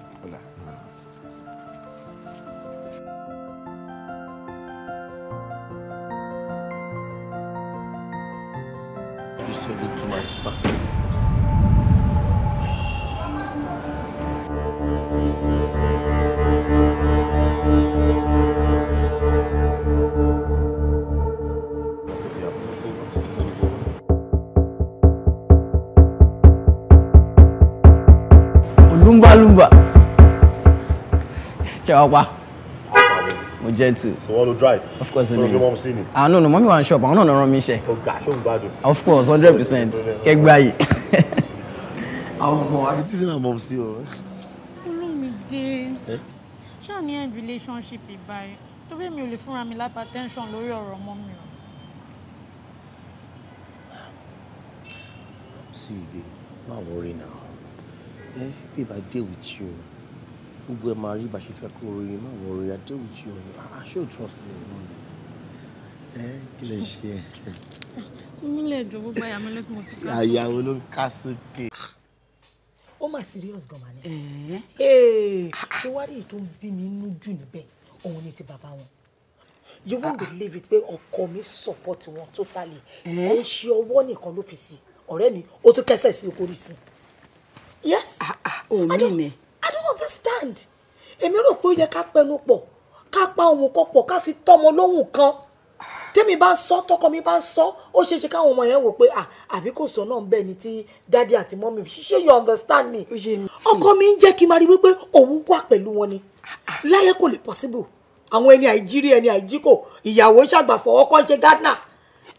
B: ọ̀pá mo gentle. so want to drive. of course mi no mọ ni. ah no no mommy want shop àwọn náà lọ rán mi iṣẹ́. o ga ṣó of course hundred percent kẹgbà yìí. àwọn ọmọ àbí my mom mọ sí o.
C: olómìdé ṣáà ní end relationship ìbáyé tó be mi ò lè fúnra mi lápá tension lórí ọ̀rọ̀ ọmọ mi o.
B: sí ibi máa wọrí náà bí if i deal with you gbogbo ẹ máa rí bá ṣe fẹ́ kó orí má wọ orí adé òjì òní ah ṣé o trust me wọn ni ẹ kí lè ṣe ẹ.
C: mílẹ̀ jọ gbogbo àyà mi lẹ́kùn ti ká.
B: àyà wo ló ń ká sókè.
C: ó mà serious gan ma
F: ni. ṣé wàá rí èyí tó ń bí mi inú jù níbẹ̀ òun ni ti bàbá wọn you won't believe it pé ọkọ mi support wọn totally ó ń ṣe ọwọ́ nìkan ló fi sí ọ̀rẹ́ mi ó tún kẹsẹ̀ sí okòrí sí yes. Ah, ah, òun mi nìyẹn understand èmi rò pé ó yẹ ká pẹnu pọ̀ ká pa ohùn kan pọ̀ ká fi tọ́mọ lóhùn kan tẹ́mi bá ń sọ tọkọ mi bá ń sọ ó ṣeé ṣe káwọn ọmọ yẹn wò pé àbí kò sọ náà bẹ́ẹ̀ ni tí dádì àti mọ́mí ṣíṣe you understand me ọkọ mi ń jẹ́ kí n máa rí wípé òun wà pẹ̀lú wọn ni láyé kò lè possible àwọn ẹni àìjírí ẹni àìjíkò ìyàwó ṣàgbàfọ̀ ọkọ ṣe gardener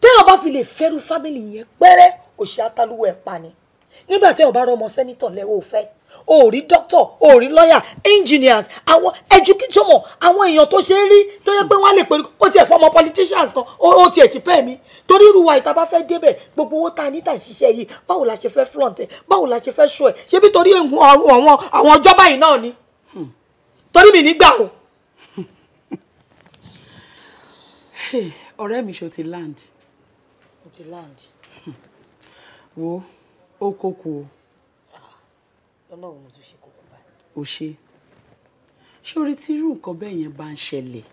F: téèyàn bá fi lè fẹ́rù family yẹn pẹ́rẹ́ òṣìṣẹ́ atálúwẹ̀ pa ni nígbà tí o bá rọmọ sẹ́nitọ̀ lẹ́wọ́ ò fẹ́ o ò rí dókítọ̀ o ò rí lọ́yà engineers àwọn education àwọn èèyàn tó ṣe é rí tó yẹ pé wọ́n á lè pè kó tiẹ̀ fọmọ politicians kan ó tiẹ̀ sì pẹ́ mi torí irúwa ìta bá fẹ́ débẹ̀ gbogbo owó tá a níta ìṣiṣẹ́ yìí báwo la ṣe fẹ́ front ẹ̀ báwo la ṣe fẹ́ show ẹ̀ ṣebí torí àwọn àwọn ọjọ́ báyìí náà ni torí mi nígbà o. ọ̀rẹ́ mi ṣo ti land. ti land. wo. O kókó o. ọlọ́run mo tún ṣe kókó báyìí. o ṣe ṣé orí tí irú nǹkan bẹ́ẹ̀ yẹn bá ń ṣẹlẹ̀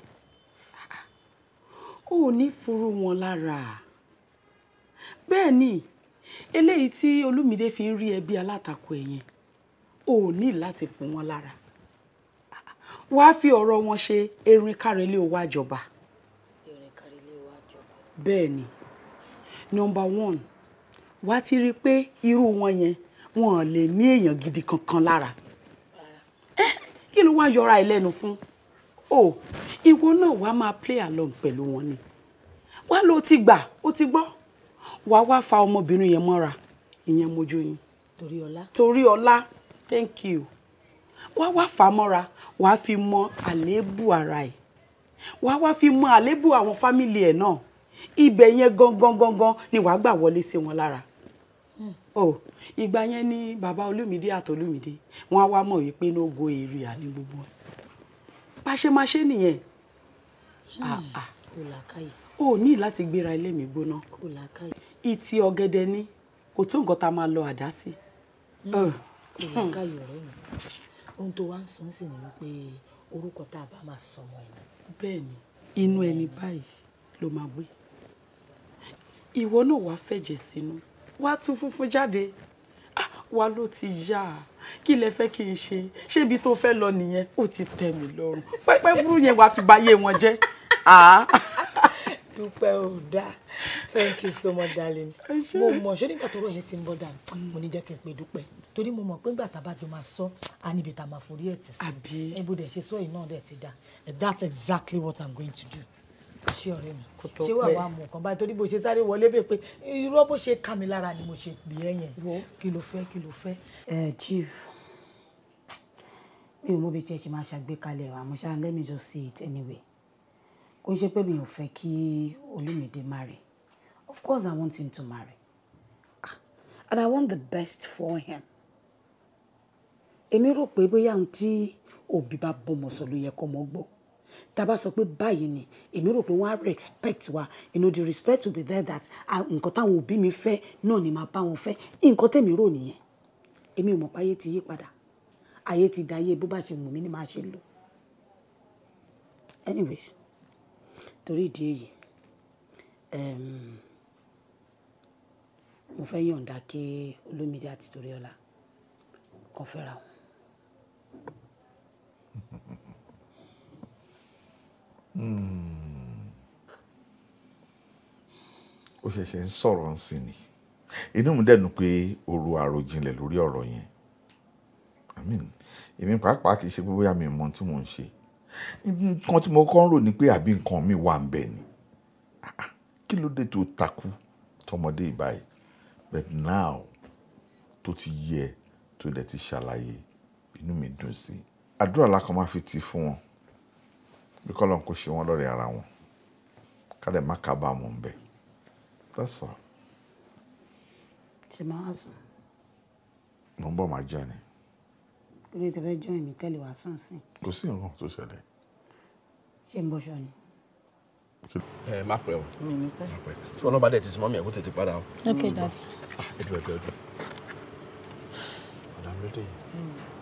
F: ó ní furu wọn lára bẹ́ẹ̀ ni eléyìí tí olúmídé fi ń rí ẹbí alátakò ẹ̀yẹn ò ní láti fún wọn lára wàá fi ọ̀rọ̀ wọn ṣe erin kárẹ́lé owó àjọba. erin kárẹ́lé bẹ́ẹ̀ ni nọmba one wàá ti rí i pé irú wọn yẹn wọn ò lè ní èèyàn gidi kankan lára ẹ kí ló wá yọra ẹ lẹ́nu fún o ìwọ náà wàá máa play along pẹ̀lú wọn ni wàá lọ ti gbà ó ti gbọ́ wàá wá fa ọmọbìnrin yẹn mọ́ra ìyẹn mojú yín torí ọlá torí ọlá thank you wàá wá fà á mọ́ra wàá fi mọ àléébù ara ẹ̀ wàá wá fi mọ àléébù àwọn fámìlì ẹ̀ náà ibẹ̀ yẹn gangan gangan ni wàá gbà wọlé sí wọn lára o ìgbà yẹn ni bàbá olúmídé àtọlúmídé wọn á wá mọ̀ wípé no go area ní gbogbo ẹ̀ bá ṣe máa ṣe nìyẹn hmm, ah, ah. o ní láti gbéra ilé mi gbóná ìtì ọ̀gẹ̀dẹ̀ ni kò tó nǹkan tá a máa lọ àdá sí. Hmm, kò lákàyè ọ̀rẹ́ mi ohun tó wá ń sọ ń ni wípé orúkọ tá a bá máa sọ ọmọ ẹ̀ bẹ́ẹ̀ ni inú ẹni báyìí ló máa gbé ìwọ náà wàá fẹ̀jẹ̀ sínú. No wá tú funfun jáde ah, wá ló ti yá kí lẹ fẹ́ kí n ṣe ṣébi tó fẹ́ lọ nìyẹn ó ti tẹ́ mi lọ́rùn pẹ́pẹ́ burú yẹn wàá fi bayé wọn jẹ́ ah. dúpẹ́ ò dáa thank you so much darling mo mọ̀ ṣé nígbà tọ́rọ̀ yẹn ti ń bọ̀ dà mo ní jẹ́ kí n pè dúpẹ́ torí mo mọ̀ pé nígbà tá a bá jọ máa sọ a níbi tá a máa forí ẹ̀ tì sí ẹ bó dẹ̀ ṣe sọ yìí náà dẹ̀ ti dá that's exactly what i'm going to do ṣé ọ̀rẹ́ mi ṣé wà wá mọ̀ kàn báyìí torí bó ṣe sáré wọlé bẹ́ẹ̀ pé irọ́ bó ṣe kà mí lára ni mo ṣe pè é yẹn kí ló fẹ́ kí ló fẹ́. ẹ chief mi ò mọ bí tiẹ̀ ṣe máa ṣàgbékalẹ̀ àmọ́ ṣá let me just say it anyway kò ṣe pé mi ò fẹ́ kí Olúmídé marry of course I want him to marry ah, and I want the best for him èmi rò pé bóyá ohun tí òbí bá bọ́mọ sọ ló yẹ kọ́mọ gbọ́ tá a bá sọ pé báyìí ni èmi rò pé wọ́n á respect wa you know the respect will be there that nǹkan táwọn òbí mi fẹ́ náà ni màá bá wọn fẹ́ nǹkan tèmi rò nìyẹn èmi ò mọ̀ pé ayé ti yí padà ayé ti dayé bó bá ṣe wù mí ni màá ṣe lò anyways torí ìdí èyí mo fẹ́ yọ̀ǹda kí olómìnira àti torí ọlá kan fẹ́ra wọn.
E: Hmm.
D: ó ṣẹ̀ṣẹ̀ ń sọ̀rọ̀ ń sin ni inú mi dẹ̀nu pé o ro àròjinlẹ̀ lórí ọ̀rọ̀ yẹn àmín èmi pàápàá kì í ṣe pé bóyá mi mọ tí mò ń ṣe nǹkan tí mo kọ́ ń rò ni pé àbí nǹkan mi wà ń bẹ̀ ni ah, ah, kí ló dé tó takú tọmọdé ìbáyìí but now tó ti yẹ tó dẹ̀ ti ṣàlàyé inú mi dùn sí i àdúrà la máa fi tì fún wọn bí kọ́lọ́n kò ṣe wọ́n lọ́rẹ̀ ara wọn kálẹ̀ má kábàámọ̀ ń bẹ̀ that's all.
E: ṣe máa wá sùn.
D: mo ń bọ̀ máa jẹ́ ni.
F: kí ló tẹ́fẹ́ jọ́ ìmí tẹ́lẹ̀ wá sùn sí.
D: kò sí nǹkan tó ṣẹlẹ̀.
F: ṣé ń bọ́ṣọ ni.
D: ẹ má pẹ́ o
E: má pẹ́
D: tí wọn náà bá dẹ̀ ti sin mọ́mí ẹ̀ kó tètè padà o. ok dadi. Ah, ẹ jù ẹ jù ẹ jù ọ̀dà mi ló dé yìí. Hmm.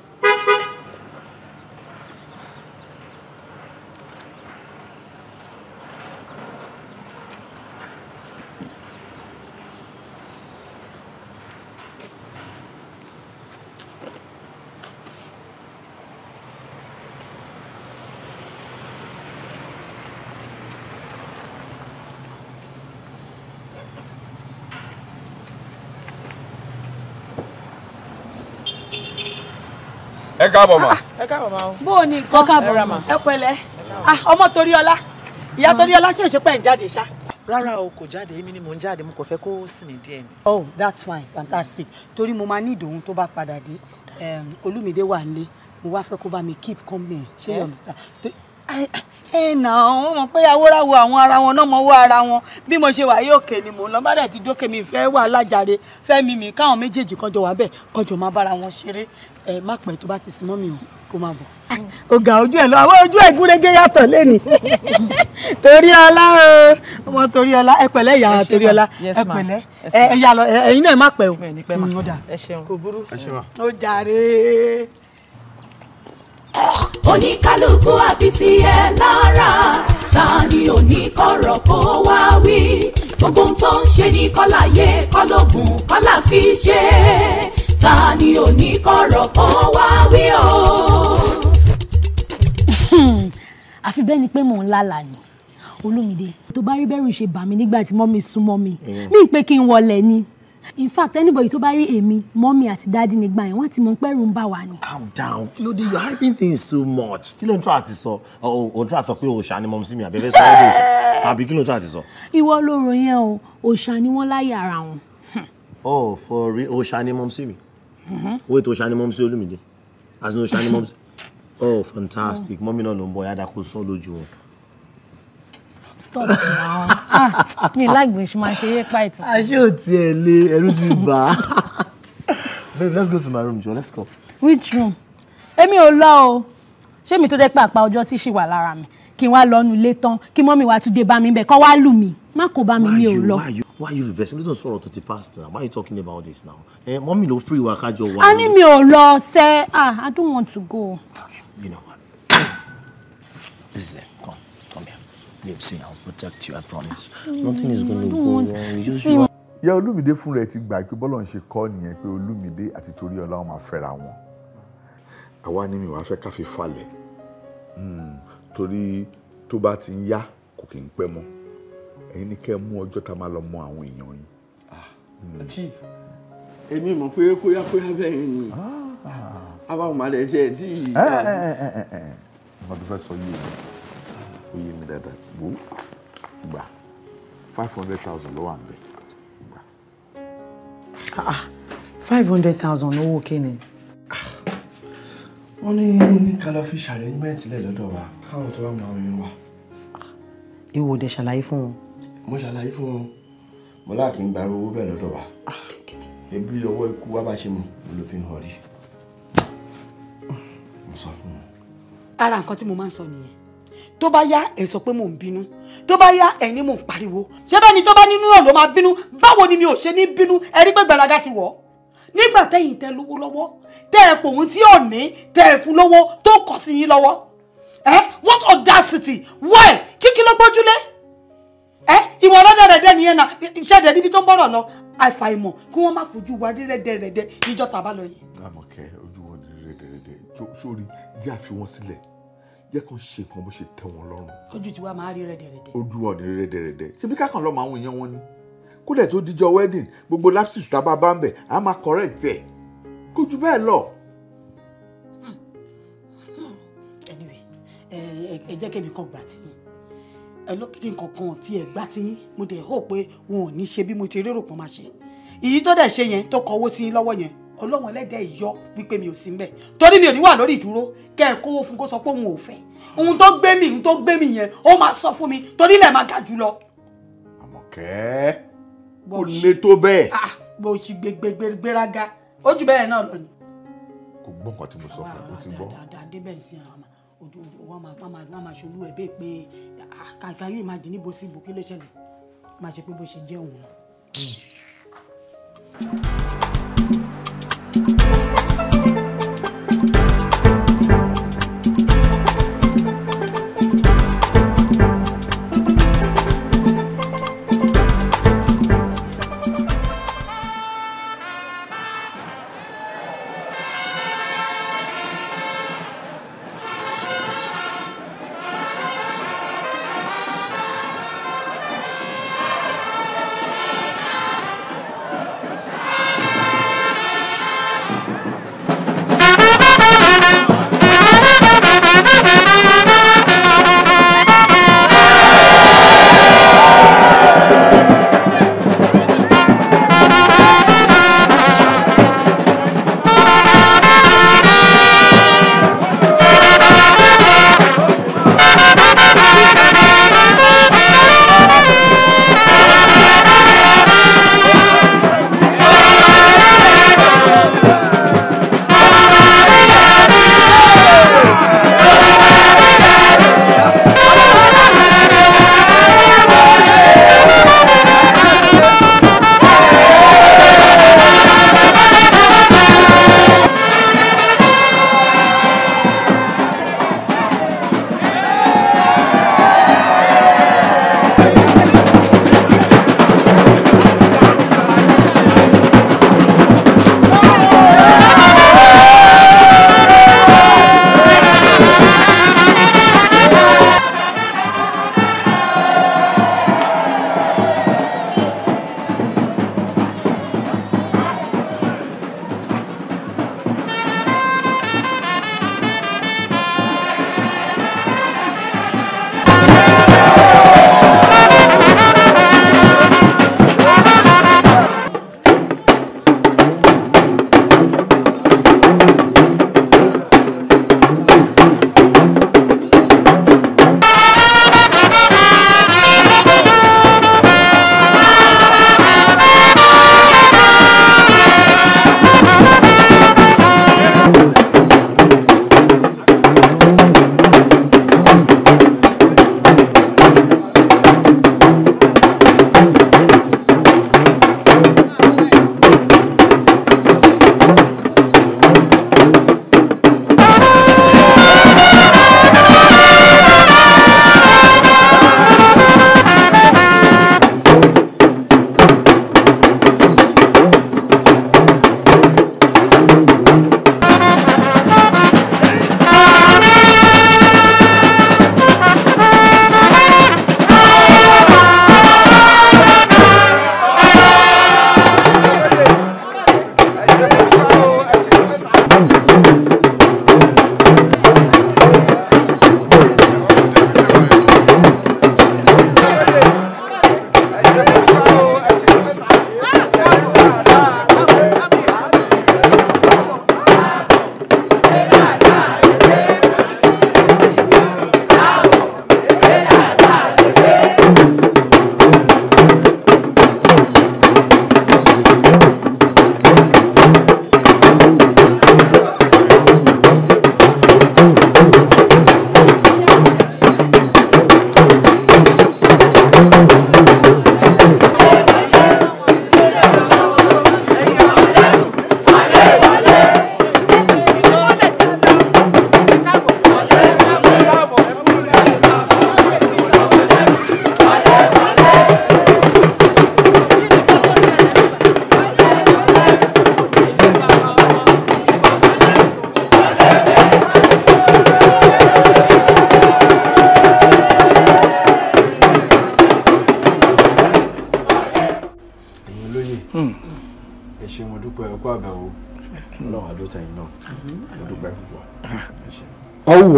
F: káàbọ̀ mà. bó o ní nǹkan ẹ pẹ̀lẹ́ ah, ọmọ Toríọlá ìyá ah. Toríọlá ṣe ìṣepẹ́ ń jáde ṣá. rárá o kò jáde èmi ni mò ń jáde mo kò fẹ́ kó sinmi díẹ̀ ni. oh that's fine fantastic torí mo máa ní ìdòwú tó bá padà dé Olúmídé wà nílé mo wá fẹ́ kó bá mi keep company ṣé yọ̀
H: ẹ nà ó mọ̀
F: pé awóráwo àwọn ara wọn náà mọ̀ wọ́ ara wọn bí mo ṣe wà yí òkè ni mò ń lọ bá dẹ̀ ti dókè mi fẹ́ wà lájàre fẹ́ mi mi káwọn méjèèjì kọjọ wà bẹ́ẹ̀ kọjọ máa bára wọn ṣeré ẹ má pẹ́ tó bá ti sin mọ́ mi o kó máa bọ̀. Ah, ọ̀gá ojú ẹ̀ lọ àwọn ojú ẹ̀ gúrégé yàtọ̀ lẹ́ni torí ọlá o ọmọ torí ọlá ẹ pẹ̀lẹ́ ìyá torí ọlá ẹ pẹ̀lẹ́ ẹ̀yin náà má pẹ́ o mm, ó dà kò burú ó jàre
A: oníkálukú àbítí ẹ lára ta ni oníkọ̀rọ̀ kó wá wí gbogbo ohun tó ń ṣe ní kọ́lá yé kọ́lógún kọ́lá fi ṣe ta ni oníkọ̀rọ̀ kó wá wí o.
C: àfi bẹ́ẹ̀ ni pé mò ń lálàá ni olómìnira tó bá rí bẹ́rù ṣe bà mí nígbà tí mọ́mí sún mọ́ mi mí mm. pé kí n wọlé ni in fact anybody tó bá rí èmi mọ́mí àti dáàdì nígbà yẹn wọ́n ti mọ̀ pé ẹ̀rù ń bà calm
B: down kí ló dé you are hyping things too much kí ló ń tọ́ àti sọ òun tọ́ àti sọ pé òòṣà ni mọ̀mísí mi àbẹ̀fẹ́ sọ ọ́ òòṣà eh. àbí kí ló ń tọ́ àti sọ.
C: ìwọ ló ròyìn ẹ o òòṣà ni wọ́n láyé ara wọn. Hmm.
B: oh for real òòṣà ni mọ̀mísí mi mm-hmm. wait òòṣà ni mọ̀mísí olúmídé as in òòṣà ni mọ̀mísí oh fantastic mọ́mí náà ló ń bọ̀ yàrá kó sọ lójú wọn
C: stop now ah, me, láìgbé ṣe máa ṣe eré pàìtì. aṣọ òtí ẹ lé
B: ẹrú ti bà á babe let's go to my room Joe. let's go.
C: which room èmi ò o ṣé mi tó dẹ́ pé àpá ọjọ́ sì ṣì wà lára mi kí n wá lọ́nu ilé tán kí mọ́mí wa tún dé bá mi bẹ̀ kọ́ wá lù mí má kó bá mi mi ò lọ.
B: why you vex me don't sọ̀rọ̀ to the past now why you talking about this now eh, mọ́mí ló free wa kájọ wa. a ní
C: mi ò lọ ṣe ah i don't want to go. Okay,
B: you know what
D: this is it sleep see i'll protect you i promise mm, nothing is gonna go wrong just you. ìyá olúmídé fúnra ẹ ti gbà pé bọ́lọ̀ ń ṣe kọ́ nìyẹn pé olúmídé àti toríọlá wọn máa fẹ́ra wọn. àwa ni mi wàá fẹ́ ká fi falẹ̀ hmm, torí tó bá ti ń yá kò kí n pẹ́ mọ́ ẹ̀yin ni kẹ́ ẹ mú ọjọ́ tá a máa lọ mọ àwọn èèyàn yín. Ah, hmm. chief èmi mọ̀ pé kóyákóyá bẹ́ẹ̀ ni abáwọn ah. máa lẹ̀ ṣe ẹ̀ tí. ẹ ẹ ẹ ẹ ẹ ọmọdé fẹ́ sọ yìí ó yé mi dáadáa wò ó five hundred thousand ló wà níbẹ̀
F: ah, five hundred thousand owó kíni. Ah,
D: wọ́n ní ká lọ fi ṣàrẹ́ńmẹ́ǹt lẹ̀ lọ́dọ̀ wa káwọn tó bá máa ń wa.
F: ìwọ ò dẹ̀ ṣàlàyé fún wọn. mo ṣàlàyé fún wọn
D: mo láàkì ń gbàrú owó bẹ́ẹ̀ lọ́dọ̀ wa ebi ah. owó ikú wa bá ṣe mu mo ló fi hàn rí mo sọ fún wọn.
F: ara nǹkan tí mo máa ń sọ nìyẹn tó bá yá ẹ sọ pé mò ń bínú tó bá yá ẹ ní mò ń pariwo ṣé bẹ́ẹ̀ ni tó bá nínú náà ló máa bínú báwo ni mi ò ṣe ní bínú ẹ rí pé gbàràgà ti wọ̀ nígbà tẹ́yìn tẹ lówó lọ́wọ́ tẹ́ ẹ pòun tí ò ní tẹ́ ẹ fún lọ́wọ́ tó kọ̀ sí yín lọ́wọ́ ẹ what audacity why tí kí ló gbójúlé ẹ ìwọ ọlọ́dẹ rẹ̀ dẹ́ nìyẹn náà ṣẹ̀dẹ̀ níbi tó ń bọ̀rọ̀ lọ àìfàìmọ̀ kí wọ́n má fojú wa rí rẹ́dẹ̀rẹ́dẹ̀ ìjọ tàbá lọ yìí. àmọ̀kẹ́ ojú
D: wọn rí rẹ́dẹ̀rẹ́dẹ̀ sórí jẹ́ àfi sílẹ̀ jẹ́ kàn ṣe nǹkan bó ṣe tẹ́ wọn lọ́rùn.
F: ojú tiwa máa rí rẹ́dẹ̀rẹ́dẹ̀.
D: ojú wa ò ní rí rẹ́dẹ̀rẹ́dẹ̀ ṣebí kákan lọ́mọ àwọn èèyàn wọn ni kódẹ̀ tó díjọ wedding gbogbo lapsis tá a bá bá ń bẹ̀ á máa correct ẹ̀ kó ju bẹ́ẹ̀ lọ.
F: anyway ẹ jẹ́ kí èmi kan gbà tí ẹ ló kí nǹkan kan tí ẹ gbà tí mo dẹ̀ hó pé wọn ò ní ṣe bí mo ti rérò pọ́n máa ṣe èyí tó dẹ̀ ṣe yẹn tó kọ owó sí lọ́wọ́ yẹn ọlọ́wọ́n ẹlẹ́dẹ̀ yọ wípé mi ò sí mbẹ̀ torí mi ò ní wà lórí ìdúró kẹ́ ẹ̀ kówó fún kó sọ pé òun ò fẹ́ ohun tó gbé mi ohun tó gbé mi yẹn ó máa sọ fún mi torí ilẹ̀ máa ga jù lọ.
D: àmọ̀kẹ́ ó le tó bẹ́ẹ̀.
F: Ah, bó o ṣì gbéraga ó jù bẹ́ẹ̀ náà lọ ni. kò gbọ́ nǹkan tí mo sọ fún un ó ti gbọ́. dáadáa débẹ̀ sí àwọn ọmọ ojú wọn máa ṣolú ẹ̀ bẹ́ẹ̀ pé kàkà yóò máa dì níbo sí ibò kí ló ṣẹlẹ̀ máa ṣe pé bó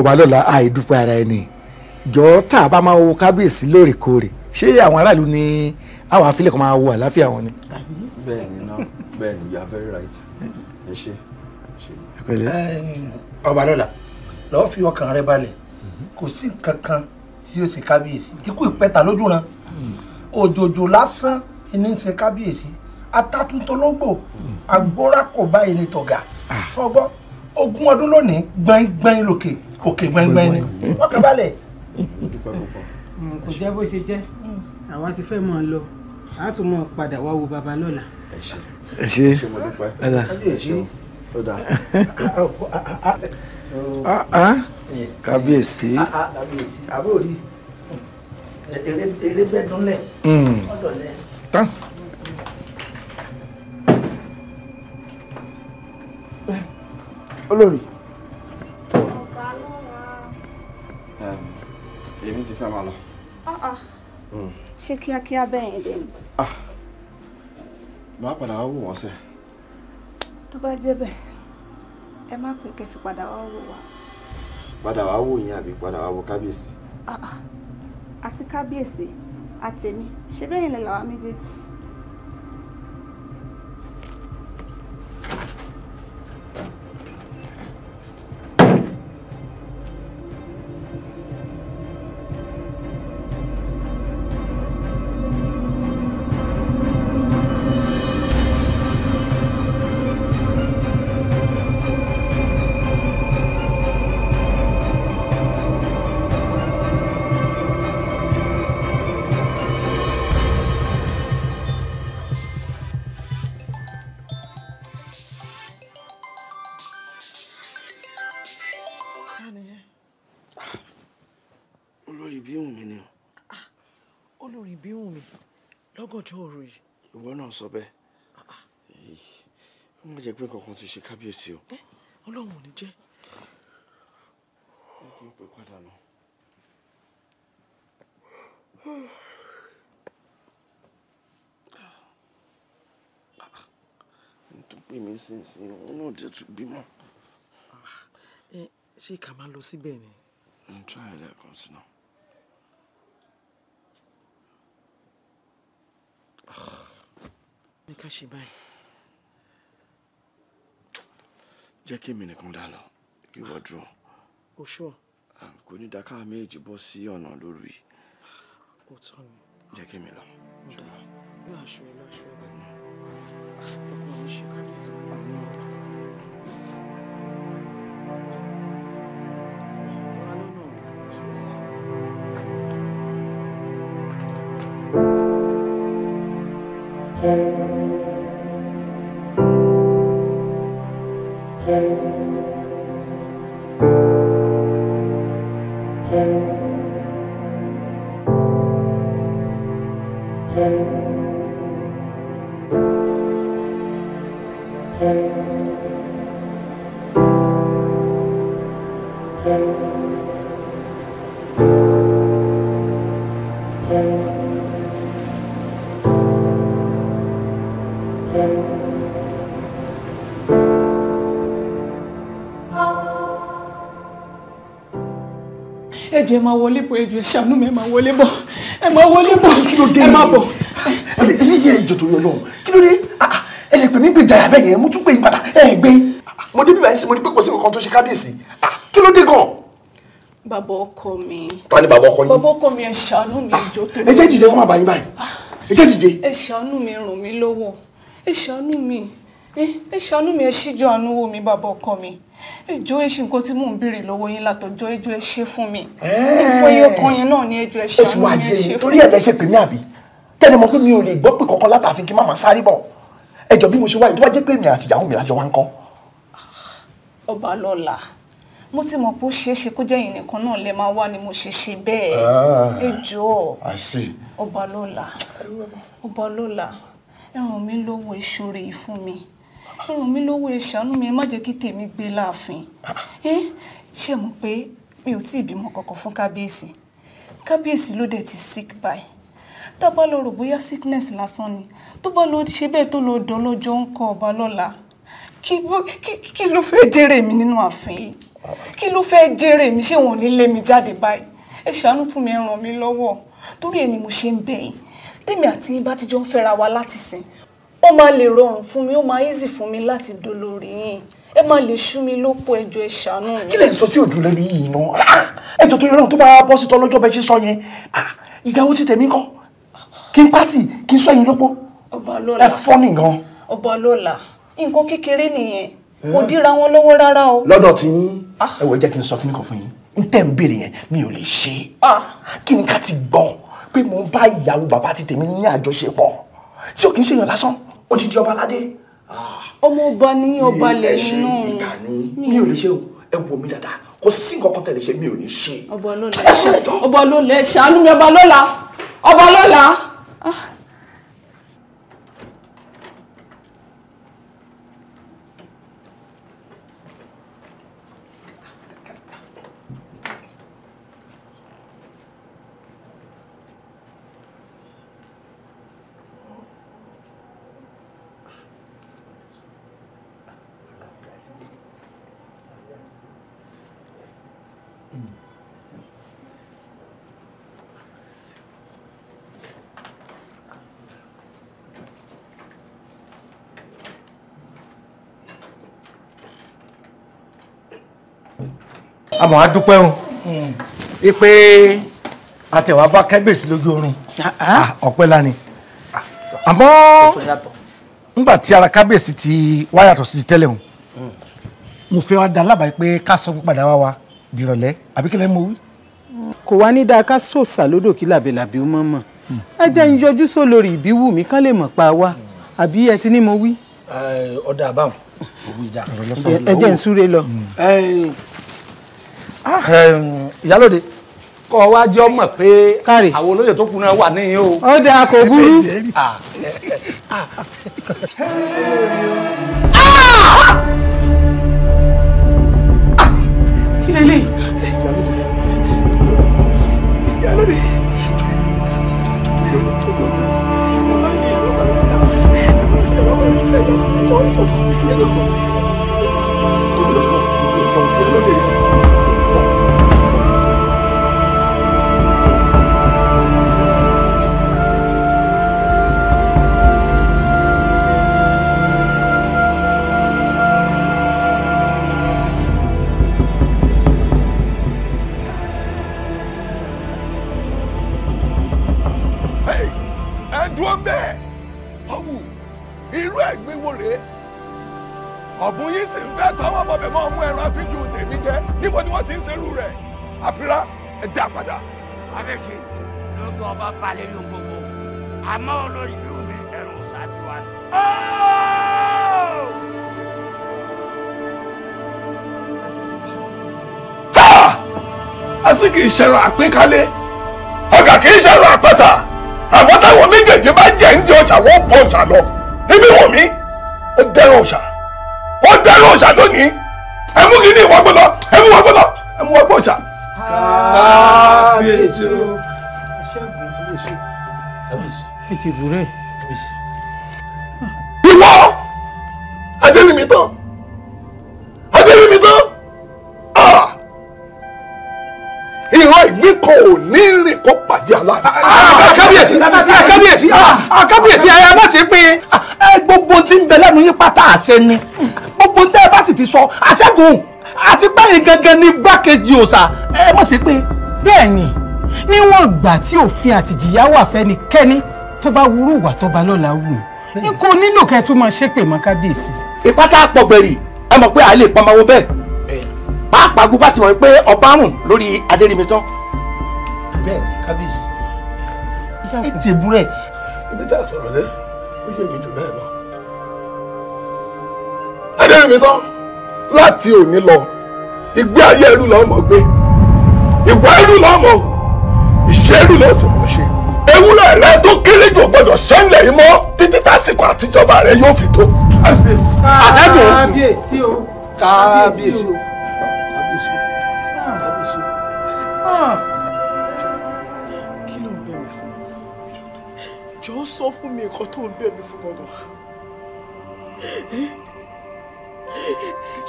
D: wa lọ́la àìdúpẹ́ ara ẹni jọ tá a bá máa wo kábíyèsí lóòrèkóòrè ṣé àwọn aráàlú ni àwọn afílẹ̀ kan máa wo àlàáfíà wọn ni. bẹ́ẹ̀ni náà bẹ́ẹ̀ni you are very right ẹ ṣe. ọba lọ́la lọ́wọ́ fi ọkàn rẹ balẹ̀ kò sí nǹkan kan tí yóò ṣe kábíyèsí ikú ìpẹta lójú ran òjòjò lásán ní ṣe kábíyèsí atátuntológbò agbórakò báyìí ni tọ̀gà tọgbọ́ ah. ogún ọdún lónìí gbọ̀ngbọ̀n lòkè òkè gbẹngbẹ ni wọ́n
F: kàn balẹ̀. Mm, kò jẹ́ bó ṣe jẹ́ àwa ti fẹ́ mọ̀ ọ́ lọ a tún mọ̀ padà wá wo baba lọ́la. ẹ ṣe
D: ẹ ṣe ẹ ṣe ó dáa kábíyèsí. àbórí eré bẹ́ẹ̀ dúnlẹ̀ mm. ọ̀dọ̀ lẹ̀. tán. olórí. fẹ́ máa lọ. Ah, ah. Hmm.
H: ṣé kíákíá bẹ́ẹ̀ yẹn dé ni. Ah.
D: màá padà wá wò wọ́n sẹ́.
H: tó bá jẹ́ bẹ́ẹ̀ ẹ má pè kẹ́ fi padà wá wò wá.
D: padà wá wò yín àbí padà wá wò kábíyèsí.
H: àti kábíyèsí àtẹ̀mí ṣé bẹ́ẹ̀ yẹn lè làwọn méjèèjì.
D: ìwọ náà sọ bẹ́ẹ̀ ó ah, ah. má jẹ́ pé nǹkan kan ti ṣe kábíyèsí o.
F: Eh, ọlọ́run ò ní jẹ́.
G: ẹ kí n pè padà nù.
D: n tún pè mí sínsìn òun náà jẹ́ tún bímọ.
B: Ah, ṣé ká máa lọ síbẹ̀ ni.
D: n tún àìlẹ́kùn sí náà
F: ní ká ṣe báyìí
D: jẹ́ kí èmi nìkan dá lọ kí wọ́n dúró. o oh, ṣọ. kò ní dáká méjì bọ́ sí ọ̀nà lóru yìí.
B: o tọ́ ni. jẹ́ kí èmi lọ. mo dà bí aṣọ ẹ̀ lọ́ṣọ
E: ọkùnrin ṣe kábíyèsí lábàá ní ọ̀rọ̀.
H: ẹjọ ẹ máa wọlé bọ̀ ẹjọ ẹ ṣàánú mi ẹ máa wọlé bọ̀ ẹ máa wọlé bọ̀ ẹ máa bọ̀. ẹyẹ ìjọ tó yọ lọhùn kí ló dé ẹ ah,
D: ah, lè pè mí gbé jàyà bẹ́ẹ̀ yẹn mo tún gbé yín padà ẹ gbé ah, mo débi báyìí sí mo ní pé kò sí kankan tó ṣe kábíyèsí kí ló dé gan.
H: bàbá ọkọ mi.
D: ta ni bàbá ọkọ yín. bàbá
H: ọkọ mi ẹ ṣàánú mi ìjọ tó. ẹ jẹ́ dìde kó má bàa yín báyìí ẹ jẹ́ dìde. ẹ ṣàánú mi ràn mí lọ́wọ́ ẹ ṣàánú mi ẹ ṣàánú mi ẹ ṣíjú àánú wò mí bàbá ọkọ mi ìjọ ẹṣin nǹkan tí mò ń béèrè lọ́wọ́ yín látọjọ́ ẹjọ́ ẹ ṣe fún mi ìfọ iye kan yẹn náà ni ẹjọ́ ẹ ṣe àwọn yẹn ṣe fún mi. torí ẹ
D: lẹsẹ pèmí àbí tẹlẹ mọ pé mi ò lè gbọ́ pé kankan látàfin kí n má máa sáré bọ̀ ẹjọ bí mo ṣe wáyé tó bá jẹ́ pé mi àti ìyàwó mi lájọ wá ń kọ́.
H: ọba lọ́la mo ti mọ̀ pé ó ṣeé ṣe kó jẹ́ yìí nìkan náà lè máa wá ni mo ṣe ṣe bẹ́ẹ̀ ẹjọ́ ah. ọba lọ́la ọba lọ́la ẹ ràn mí lọ́wọ́ ìṣòro yìí fún mi ẹ ràn mí lọ́wọ́ ẹ ṣàánú mi ẹ má jẹ́ kí tèmi gbé láàfin ṣé mo pé mi ò tí ì bímọ kankan fún kábíyèsí kábíyèsí ló dẹ̀ ti sick by tá a bá lọ rò bóyá sickness lásán ni tó bá lọ ṣe bẹ́ẹ̀ tó lọ dán lọ́jọ́ ń kọ́ ọba lọ́la kí ló fẹ́ jèrè mi nínú ààfin yìí kí ló fẹ́ jèrè mi ṣé wọn ò ní lé mi jáde báyìí ẹ ṣàánú fún mi ẹ ràn mí lọ́wọ́ torí ẹ ni mo ṣe ń bẹ̀ yín tèmi àti yín bá ti jọ ń fẹ́ra wa láti sìn ó máa lè rọrùn fún mi ó máa easy fún mi láti dolórí yín ẹ máa lè ṣú mi lópo ẹjọ́ ẹ ṣàánú mi. kí lè sọ
D: sí òdùn lẹ́nu yìí mọ́ ẹjọ́ tó yọrọ tó bá bọ́ sí tọ́lọ́jọ́ bẹ́ẹ̀ ṣe sọ yẹn ah, ìyàwó
F: ti tẹ̀mí kọ́ kí n pátì kí n sọ yín lópo ẹ fọ́ nìgan.
H: ọba lọ́la nǹkan kékeré nìyẹn kò dira wọn lọ́wọ́ rárá o.
D: lọ́dọ̀ tí yín ah. ẹ wọ jẹ́ kí n sọ kíní kan fún yín n tẹ́ ń béèrè yẹn mi ò lè ṣe ah. kí ni ká ti gbọ́ pé mo bá ìyàwó bàbá ti tèmi ní àjọṣepọ̀ tí ò kì í ṣèyàn lásán ó ti di ọba aládé. ọmọ ọba ní ọba lè nù. ẹ ṣe ìkà ni mi ò lè ṣe o ẹ wò mí dáadáa kò sí nǹkan kan tẹ̀lé ṣe mi ò ní ṣe. ọba ló lẹ ṣàánú mi ọba ló
E: ọba ló
G: àmọ́ a dúpẹ́ o
D: ipe hmm. àtẹ̀wá bá kábíyèsí lójú
G: oorun ah, ah. Ah, ọpẹ́ lani àmọ́ nígbà tí ara kábíyèsí ti wá yàtọ̀ sí ti tẹ́lẹ̀ o hmm. mo fẹ́ wá da lábàá pé ká sọ pípadà wá wa dìrọ̀lẹ́ àbí kílẹ̀ mo wí. kò wá ní dáa ká sòsà lódò kí làbẹ̀làbẹ̀ ó
F: mọ̀ mọ̀ hmm. ẹ jẹ́ ń yọjú só lórí ìbíwù mi kán lè mọ̀ pa wá àbí ẹ ti ní mo wí.
G: Eh, ọ̀dà àbáwọn òwú ìdá ẹ jẹ́ ń súré lọ. Eh, ìyálòde kọ́ wá jẹ́ ọmọ pé àwọn olóyè tó kù náà wà níyìn o. ó dáa kò burú.
D: kí lè lè. ìyálòde.
E: ìyálòde.
D: ọ̀bùn yìí sì ń fẹ́ tọ́ àwọn ọmọbẹ̀ máa mú ẹran àfijù tèmi jẹ níbo ni wọ́n ti ń ṣerú rẹ̀ àfírá ẹ dá padà. kábíyèsí
B: lóòótọ́ ọba
F: balẹ̀ ló gbogbo àmọ́ olórí ìlú mi ẹ̀rù ṣáàtì wa.
D: a sì kì í ṣẹ̀rọ àpékálé ọ̀gá kì í ṣẹ̀rọ àpáta àmọ́ táwọn méjèèjì bá jẹ́ ń jẹ ọ̀ṣà wọ́n bọ̀ ọ̀ṣà lọ níbí wọ̀n mi ó dẹ́rọ̀ ọ̀ṣà ó dẹ́rù ọ̀ṣà lónìí ẹ mú kí ní ìwọ gbọ́dọ̀ ẹ mú wọ gbọ́dọ̀ ẹ mú wọ gbọ́ ọ̀ṣà.
B: kábíyèsí o. ètò ìlú rẹ̀. ìwọ adéwìmí tán adéwìmí tán
D: ìran ìgbín kan ò ní rìn kó pàdé aláàbò. kábíyèsí kábíyèsí kábíyèsí ẹ má
F: ṣe pé gbogbo tí ń bẹ lẹ́nu yín pátá àṣẹ ni gbogbo tẹ́ ẹ bá sì ti sọ àṣẹ́gun àti pẹ́yìn gangan ní gbákejì òòṣà ẹ mọ̀ sí pé. bẹ́ẹ̀ ni níwọ̀n ìgbà tí òfin àtìjìyà wà fẹ́nikẹ́ni tó bá wúrú ìwà tó bá lọ́la wù ní kò nílò kẹ́ ẹ tún máa ṣépè mọ́ kábíyèsí. ìpátá pọ̀gbẹ̀rì ẹ mọ̀ pé à lè pamọ́ bẹ́ẹ̀ pàápàá gbogbo
D: àti mọ̀ pé ọba rùn lórí adérímitán.
F: bẹ́ẹ̀ ni kábíyèsí
D: ètè ìbúrẹ́ ibi tá a sọ̀rọ̀ lẹ́ ó yẹ mi dùn náà lọ adẹ́rìnmí tán láti òní lọ ìgbé ayé ẹrú lọ́ mọ̀ gbé ìwà ẹrú lọ́ mọ̀ ìṣẹ́ ẹrú lọ́ sì mọ̀ ṣe ewúrẹ́ rẹ tó kéré jù gbọdọ̀ ṣẹlẹ̀ yìí mọ́ títí tásìkò àtijọba rẹ yóò fi tó.
G: àṣẹ́dùn kábíyèsí o kábíyèsí o.
H: kí ló
D: ń bẹ̀ mí fún jọ sọ fún mi nǹkan tó ń bẹ̀ mí fún gangan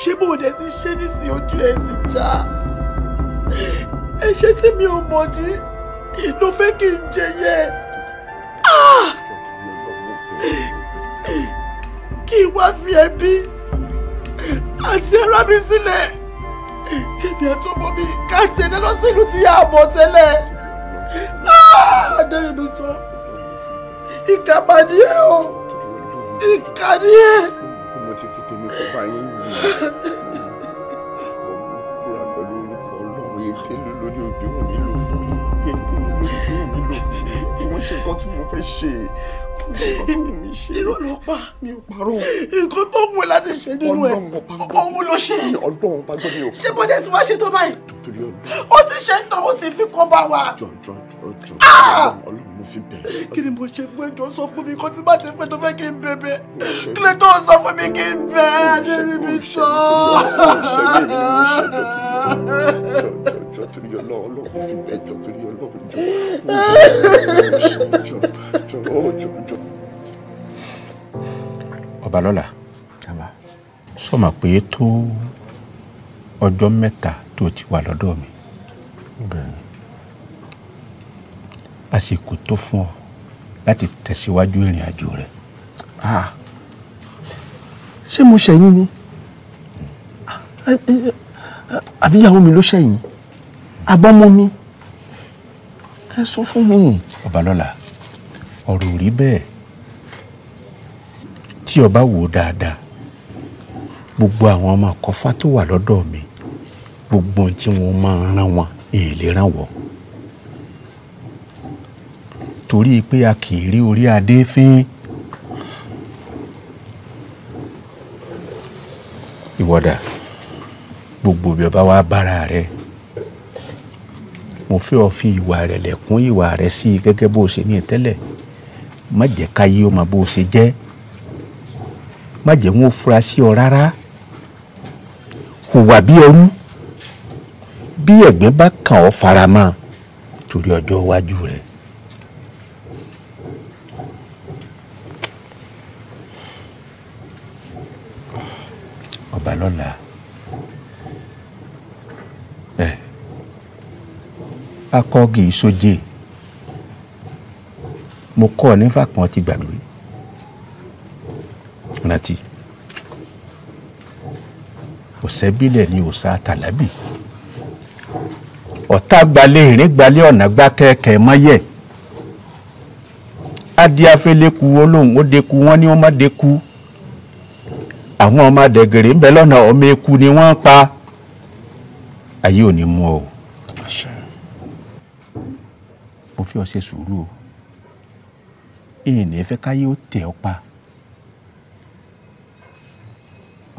D: ṣé bó dẹ̀ ti ṣe nísìnyí ojú ẹ̀ sì já ẹ̀ṣẹ̀ tí mi ò mọ̀dí ló fẹ́ kí n jẹ yẹ ah! kí n wá fi ẹbí àti ara mi sílẹ̀ kébì
B: àtọmọ mi ká tẹ̀lé lọ sílùú tí yà á bọ̀ tẹ́lẹ̀ adẹ́rìn mi tọ́ ìkà mà ẹ o ìkà ní ẹ
D: mo yín wù mo kúra pẹ̀lú orúkọ ọlọ́run ètè lórí òbí wọn mi lò fún mi ètè lórí òbí wọn mi lò fún mi wọ́n ṣe nǹkan tí mo fẹ́ ṣe irọ́ mi ò parọ́ nǹkan tó wù ẹ́ láti ṣe nínú ẹ̀ òun ló ṣe ọlọ́run bá gbọ́ mi ò. ṣé bọ́dẹ̀ tí wọ́n ṣe tó báyìí ó ti ṣe ń tọ́ ó ti fi kó bá wa. jọjọ jọjọ ah! ọlọ́run fi bẹ̀. kí ni mo ṣe fún ẹjọ́ sọ fún mi kó tí má ṣe fún ẹ tó fẹ́ kí n bẹ̀bẹ̀ kí ni tó
E: sọ fún mi kí n bẹ̀ adéríbi sọ.
D: jọ torí Ọlọ́run Ọlọ́run fi bẹ̀ jọ torí Ọlọ́run
E: jọ jọ jọ jọ.
G: Ọbalọ́lá sọ̀mà pé tó ọjọ́ mẹ́ta tó ti wà lọ́dọ̀ mi. bẹ́ẹ̀ àsìkò tó fún ọ láti tẹ̀síwájú ìrìn àjò rẹ.
F: ṣé mo ṣẹ̀yìn ni hmm.
G: ah, eh, eh, àbíyàwó
D: mi ló ṣẹ̀yìn àbọ̀mọ́ mi ẹ sọ fún mi.
G: ọbalọ́la ọ̀rọ̀ rí bẹ́ẹ̀ tí ọba wò dáadáa gbogbo àwọn ọmọ àkọ́fà tó wà lọ́dọ̀ mi gbogbo ohun tí wọ́n máa ń rán wọn èèlè rán wọ́n torí pé a kì í rí orí adé fín. ìwọ́dà gbogbo bí ọba wa bára rẹ mo fẹ́ ọ fi ìwà rẹ̀ lẹ̀kún ìwà rẹ̀ sí i gẹ́gẹ́ bó o ṣe ní ìtẹ́lẹ̀ má jẹ́ káyé ó mọ bó o ṣe jẹ́ má jẹ́ wọn ò fura sí ọ rárá hùwà bí ẹrú bí ẹ̀gbẹ́ bá kàn ọ́ faramọ́ torí ọjọ́ iwájú rẹ̀. ọba lọ́la ẹ akọ́gi ìsojé mo kọ́ ọ nífà kan ti gbàgbé rántí òsẹ́bílẹ̀ ni òsà tàlábì ọ̀tá gbalẹ̀ ìrìn gbalẹ̀ ọ̀nà gbá kẹ́kẹ́ mọ́yẹ̀ adìyàfẹ́lẹ́kù olóhùn ó deku wọ́n ní wọ́n má deku àwọn ọmọ àdẹ̀gẹ̀rẹ̀ ń bẹ lọ́nà ọmọ eku ni wọ́n pa ayé ò ní mú ọ. mo fi ọ sùúrù o ìyìnlẹ̀ fẹ́ káyé ó tẹ̀ ọ pa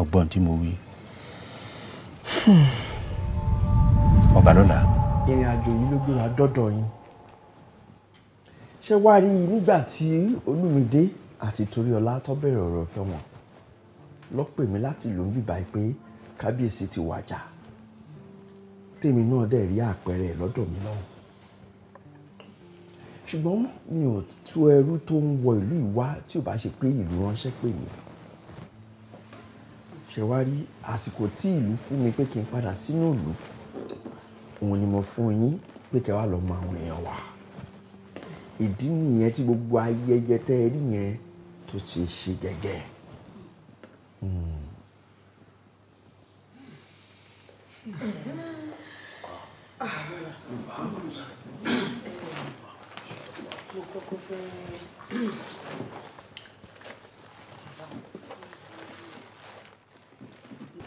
G: ọgbọ́n tí mo wí. ọba lọ́la. ìrìn àjò yìí ló gbé wa dọ́dọ̀ yín
D: ṣé wàá rí i nígbà tí Olúmídé àti Toríọlá tó bẹ̀rẹ̀ ọ̀rọ̀ fẹ́ wọn ló pè mí láti ló ń bíbá pé kábíyèsí ti wàjà tèmi náà dẹ̀ rí àpẹẹrẹ lọ́dọ̀ mi lọ́hùn ṣùgbọ́n mi ò tú ẹrú tó ń wọ ìlú ìwá tí ò bá ṣe pé ìlú ránṣẹ́ pè mí ṣe wá rí àsìkò tí ìlú fún mi pé kí n padà sínú ìlú òun ni mo fún yín pé kẹ́ lọ́ọ́ mọ àwọn èèyàn wa ìdí nìyẹn tí gbogbo ayẹyẹ tẹ́ ẹ rí yẹn tó ti ṣe gẹ́gẹ́ ẹ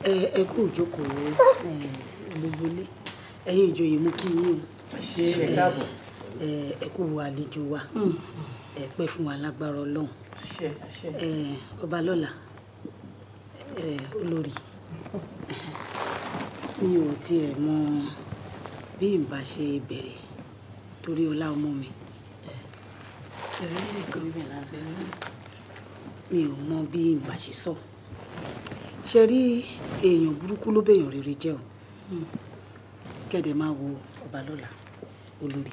F: ẹ kú ìjókòó gbogbo ilé ẹ̀yin ìjòyè mú kí yín o ẹ kú àlejò wa hmm. ẹ pẹ́ fún wa lágbára Ọlọ́run ọba lọ́la olórí mi ò tiẹ̀ mọ bí n bá ṣe bẹ̀rẹ̀ torí ọlá ọmọ mi mi ò mọ bí n bá ṣe sọ ṣe rí èèyàn burúkú ló bèèyàn rere jẹ́ o hmm. kẹ́dẹ̀ máa wo ọba lọ́la olórí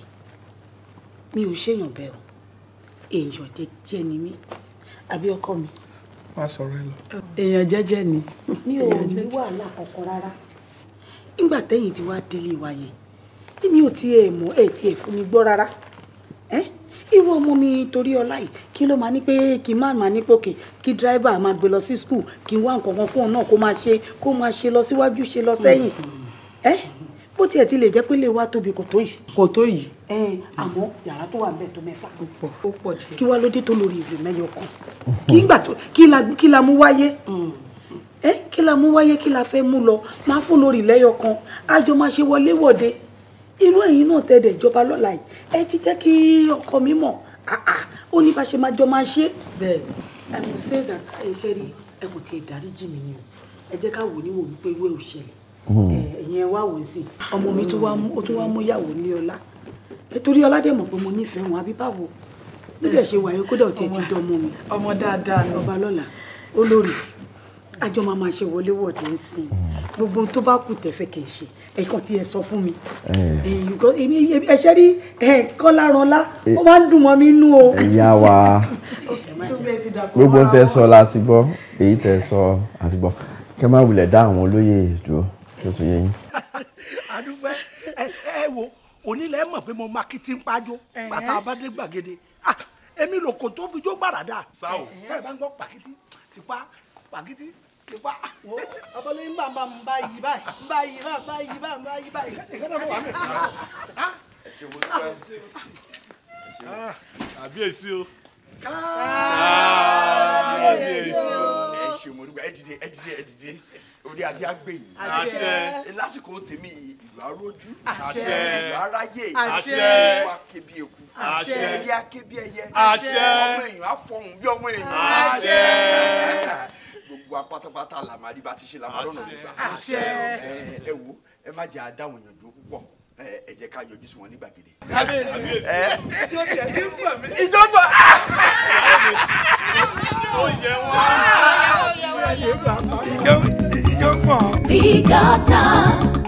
F: mi ò ṣèyàn bẹ́ẹ̀ o èèyàn jẹ́jẹ́ ni mí àbí ọkọ mi má sọ̀rọ̀ ẹ lọ. Oh. èèyàn jẹ́jẹ́ ni. mi ò ní wàhálà kankan rárá nígbà tẹ́yìn ti wá délé wa yẹn èmi ò tiẹ̀ mọ̀ ẹ̀ tiẹ̀ fún mi gbọ́ rárá ìwọ ọmọ mi torí ọlá yìí kí ló máa ní pé kí má máa ní pòkè kí dírẹ́bà máa gbé lọ sí skul kí wá nǹkan kan fún ọ náà kó máa ṣe kó máa ṣe lọ síwájú ṣe lọ sẹ́yìn eh? tiẹ̀ ti lè jẹ́ pé lè wá tóbi kò tó yìí. kò tó yìí. ẹ àmọ́ yàrá tó wà ń bẹ tó mẹ́fà. ó pọ̀ ó pọ̀ jẹ́. kí wá ló dé tó lórí ìlú mẹ́yọ kan. kí n gbà tó kí la kí la mú wáyé. Mm. ẹ kí la mú wáyé kí la fẹ́ mú lọ máa fún lórí lẹ́yọ kan àjọ máa ṣe wọlé wọ̀de irú ẹ̀yin náà tẹ̀dẹ̀ ìjọba lọ́la yìí ẹ ti jẹ́ kí ọkọ mi mọ̀ ó ní bá ṣe máa jọ máa ṣe. bẹ́ẹ̀ ẹ mú say that ẹ ṣe rí ẹ kò tiẹ̀ dáríjì mi ni o ẹ jẹ́ Hmm. Eh, ẹ̀yin ẹ wá wò sí ọmọ mi tó wá mú yàwó ní ọlá nítorí ọládẹ mọ̀ pé mo nífẹ̀ẹ́ wọn àbí báwo bí bẹ́ẹ̀ ṣe wà yẹn kódà ọ̀tí ẹ̀ ti dán ọmọ mi ọmọ dáadáa ni ọba lọ́la olórí àjọ máa máa ṣe wọléwọ̀de ń sìn gbogbo tó bá kù tẹ̀fẹ́ kì í ṣe ẹ̀kan tí ẹ sọ fún mi eh. eh, ẹ̀ṣẹ́ rí kọ́lá ranlá ó máa ń dùn mọ́ mi nú o. ẹ̀yà wa gbogbo ń tẹ sọ
D: láti gbọ́ èyí tẹ sọ àti gbọ́ kẹ́ má wulẹ̀ dá àwọn olóyè dúró ṣé o ti yé yín. àdúgbò ẹ ẹ wo onílẹ̀ mọ̀ pé mo máa kí tí ń pájó bàtà abádé gbàgede ah, èmi lòkò tó fi jó gbàràdà. sáà o bá ń gbọ́ pàkìtì tipa
F: pàkìtì tipa. wo abọ́lé ń bà ń bà ń bá yí báyìí ń bá yí báyìí ń bá yí báyìí ń bá yí báyìí. ìkànnì ọ̀rọ̀ wà mí.
D: Ah, ah. àbíyèsí o kábíyèsí o. ẹ ṣe mo ẹ dìde ẹ dìde ẹ dìde orí adé àgbè yìí. àṣẹ. lásìkò tèmi ìlú arójú. àṣẹ. ìlú aráyè. àṣẹ. ìlú akébi eku. àṣẹ. ẹyẹ
F: akébi ẹyẹ. àṣẹ. ọmọ èèyàn afọhùn bí ọmọ èèyàn. àṣẹ.
D: gbogbo apátápátá làmàrí bá ti ṣe làmàrọ̀nà nígbà. àṣẹ. ẹ wo ẹ má jẹ́ àdáhùn yànjú púpọ̀ ẹ jẹ́ ká yọjú sí wọn ní gbàgede. ìjọ bọ̀ ó yẹ
E: wọn
A: jọ pọ̀. ìgànnà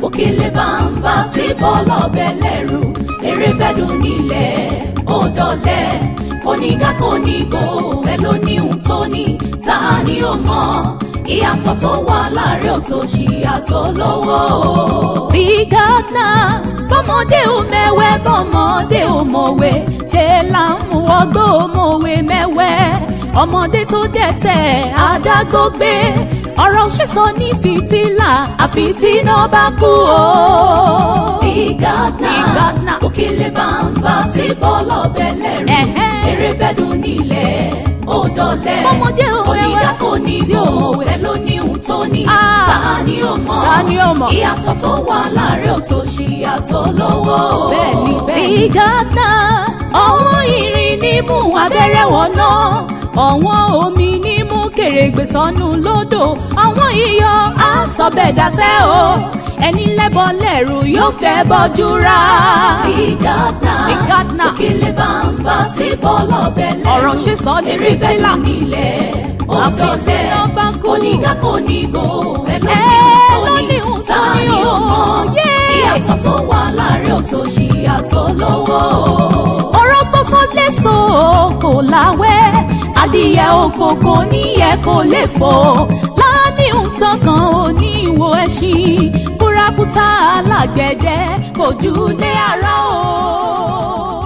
A: òkèlè bàǹbà tí bọ́ọ̀lù ọbẹ̀ lẹ́rù eré bẹ́dùn nílẹ̀ ó dọ̀lẹ́ onígá kò ní gò ẹ ló ní ohun tó ní ta ni ó mọ̀ ìyàtọ̀ tó wà láàrin òtòṣì àtolówó. bígádà bọ́mọdé ò mẹ́wẹ́ bọ́mọdé ò mọ̀wé ṣe là ń mú ọgbọ́n mọ̀wé mẹ́wẹ́ ọmọdé tó dẹ̀tẹ̀ adágbó gbé ọ̀rọ̀ sísọ ní fìtílà àfitínà bá kú o. ìgànnà òkèlè bàǹbà tí bọ́lọ̀ bẹ̀lẹ̀ rẹ̀ eré bẹ́dùn nílẹ̀ odọlẹ ọmọdé onídà òní tí òun òwe ló ní ohun tó ní ah. ta ni ó mọ̀ ìyàtọ̀ tó wà láàrin òtòṣì ìyàtọ̀ lówó bẹ́ẹ̀ni bẹ́ẹ̀ni. ìgàtà ọ̀wọ́n irin ní mú abẹ́rẹ́ wọ̀nà ọ̀wọ́n omi ní kèrègbè sọnù lódò àwọn iyọ̀ á sọ bẹ́ẹ̀ dátẹ́ o ẹni lẹ́bọ lẹ́rù yóò fẹ́ bọ́júra. ìgàdná ìgàdná òkèlè bàǹbà tí bọ́lọ̀ bẹ̀lẹ̀ ọ̀rọ̀ ṣe sọ ní rìbẹ́là nílẹ̀ ọ̀dọ́lẹ̀ onígá kò ní go ẹlọ́nìhùn tó ní o ìyàtọ̀ tó wà láàrin òtòṣì àtolówó. ọ̀rọ̀ tó lè so kò láwẹ́ adìyẹ òkòkò níyẹ kò lè fò lánìhùn tán kan oníwò ẹṣin búrakútà alágbẹ̀dẹ kò ju lé ara o.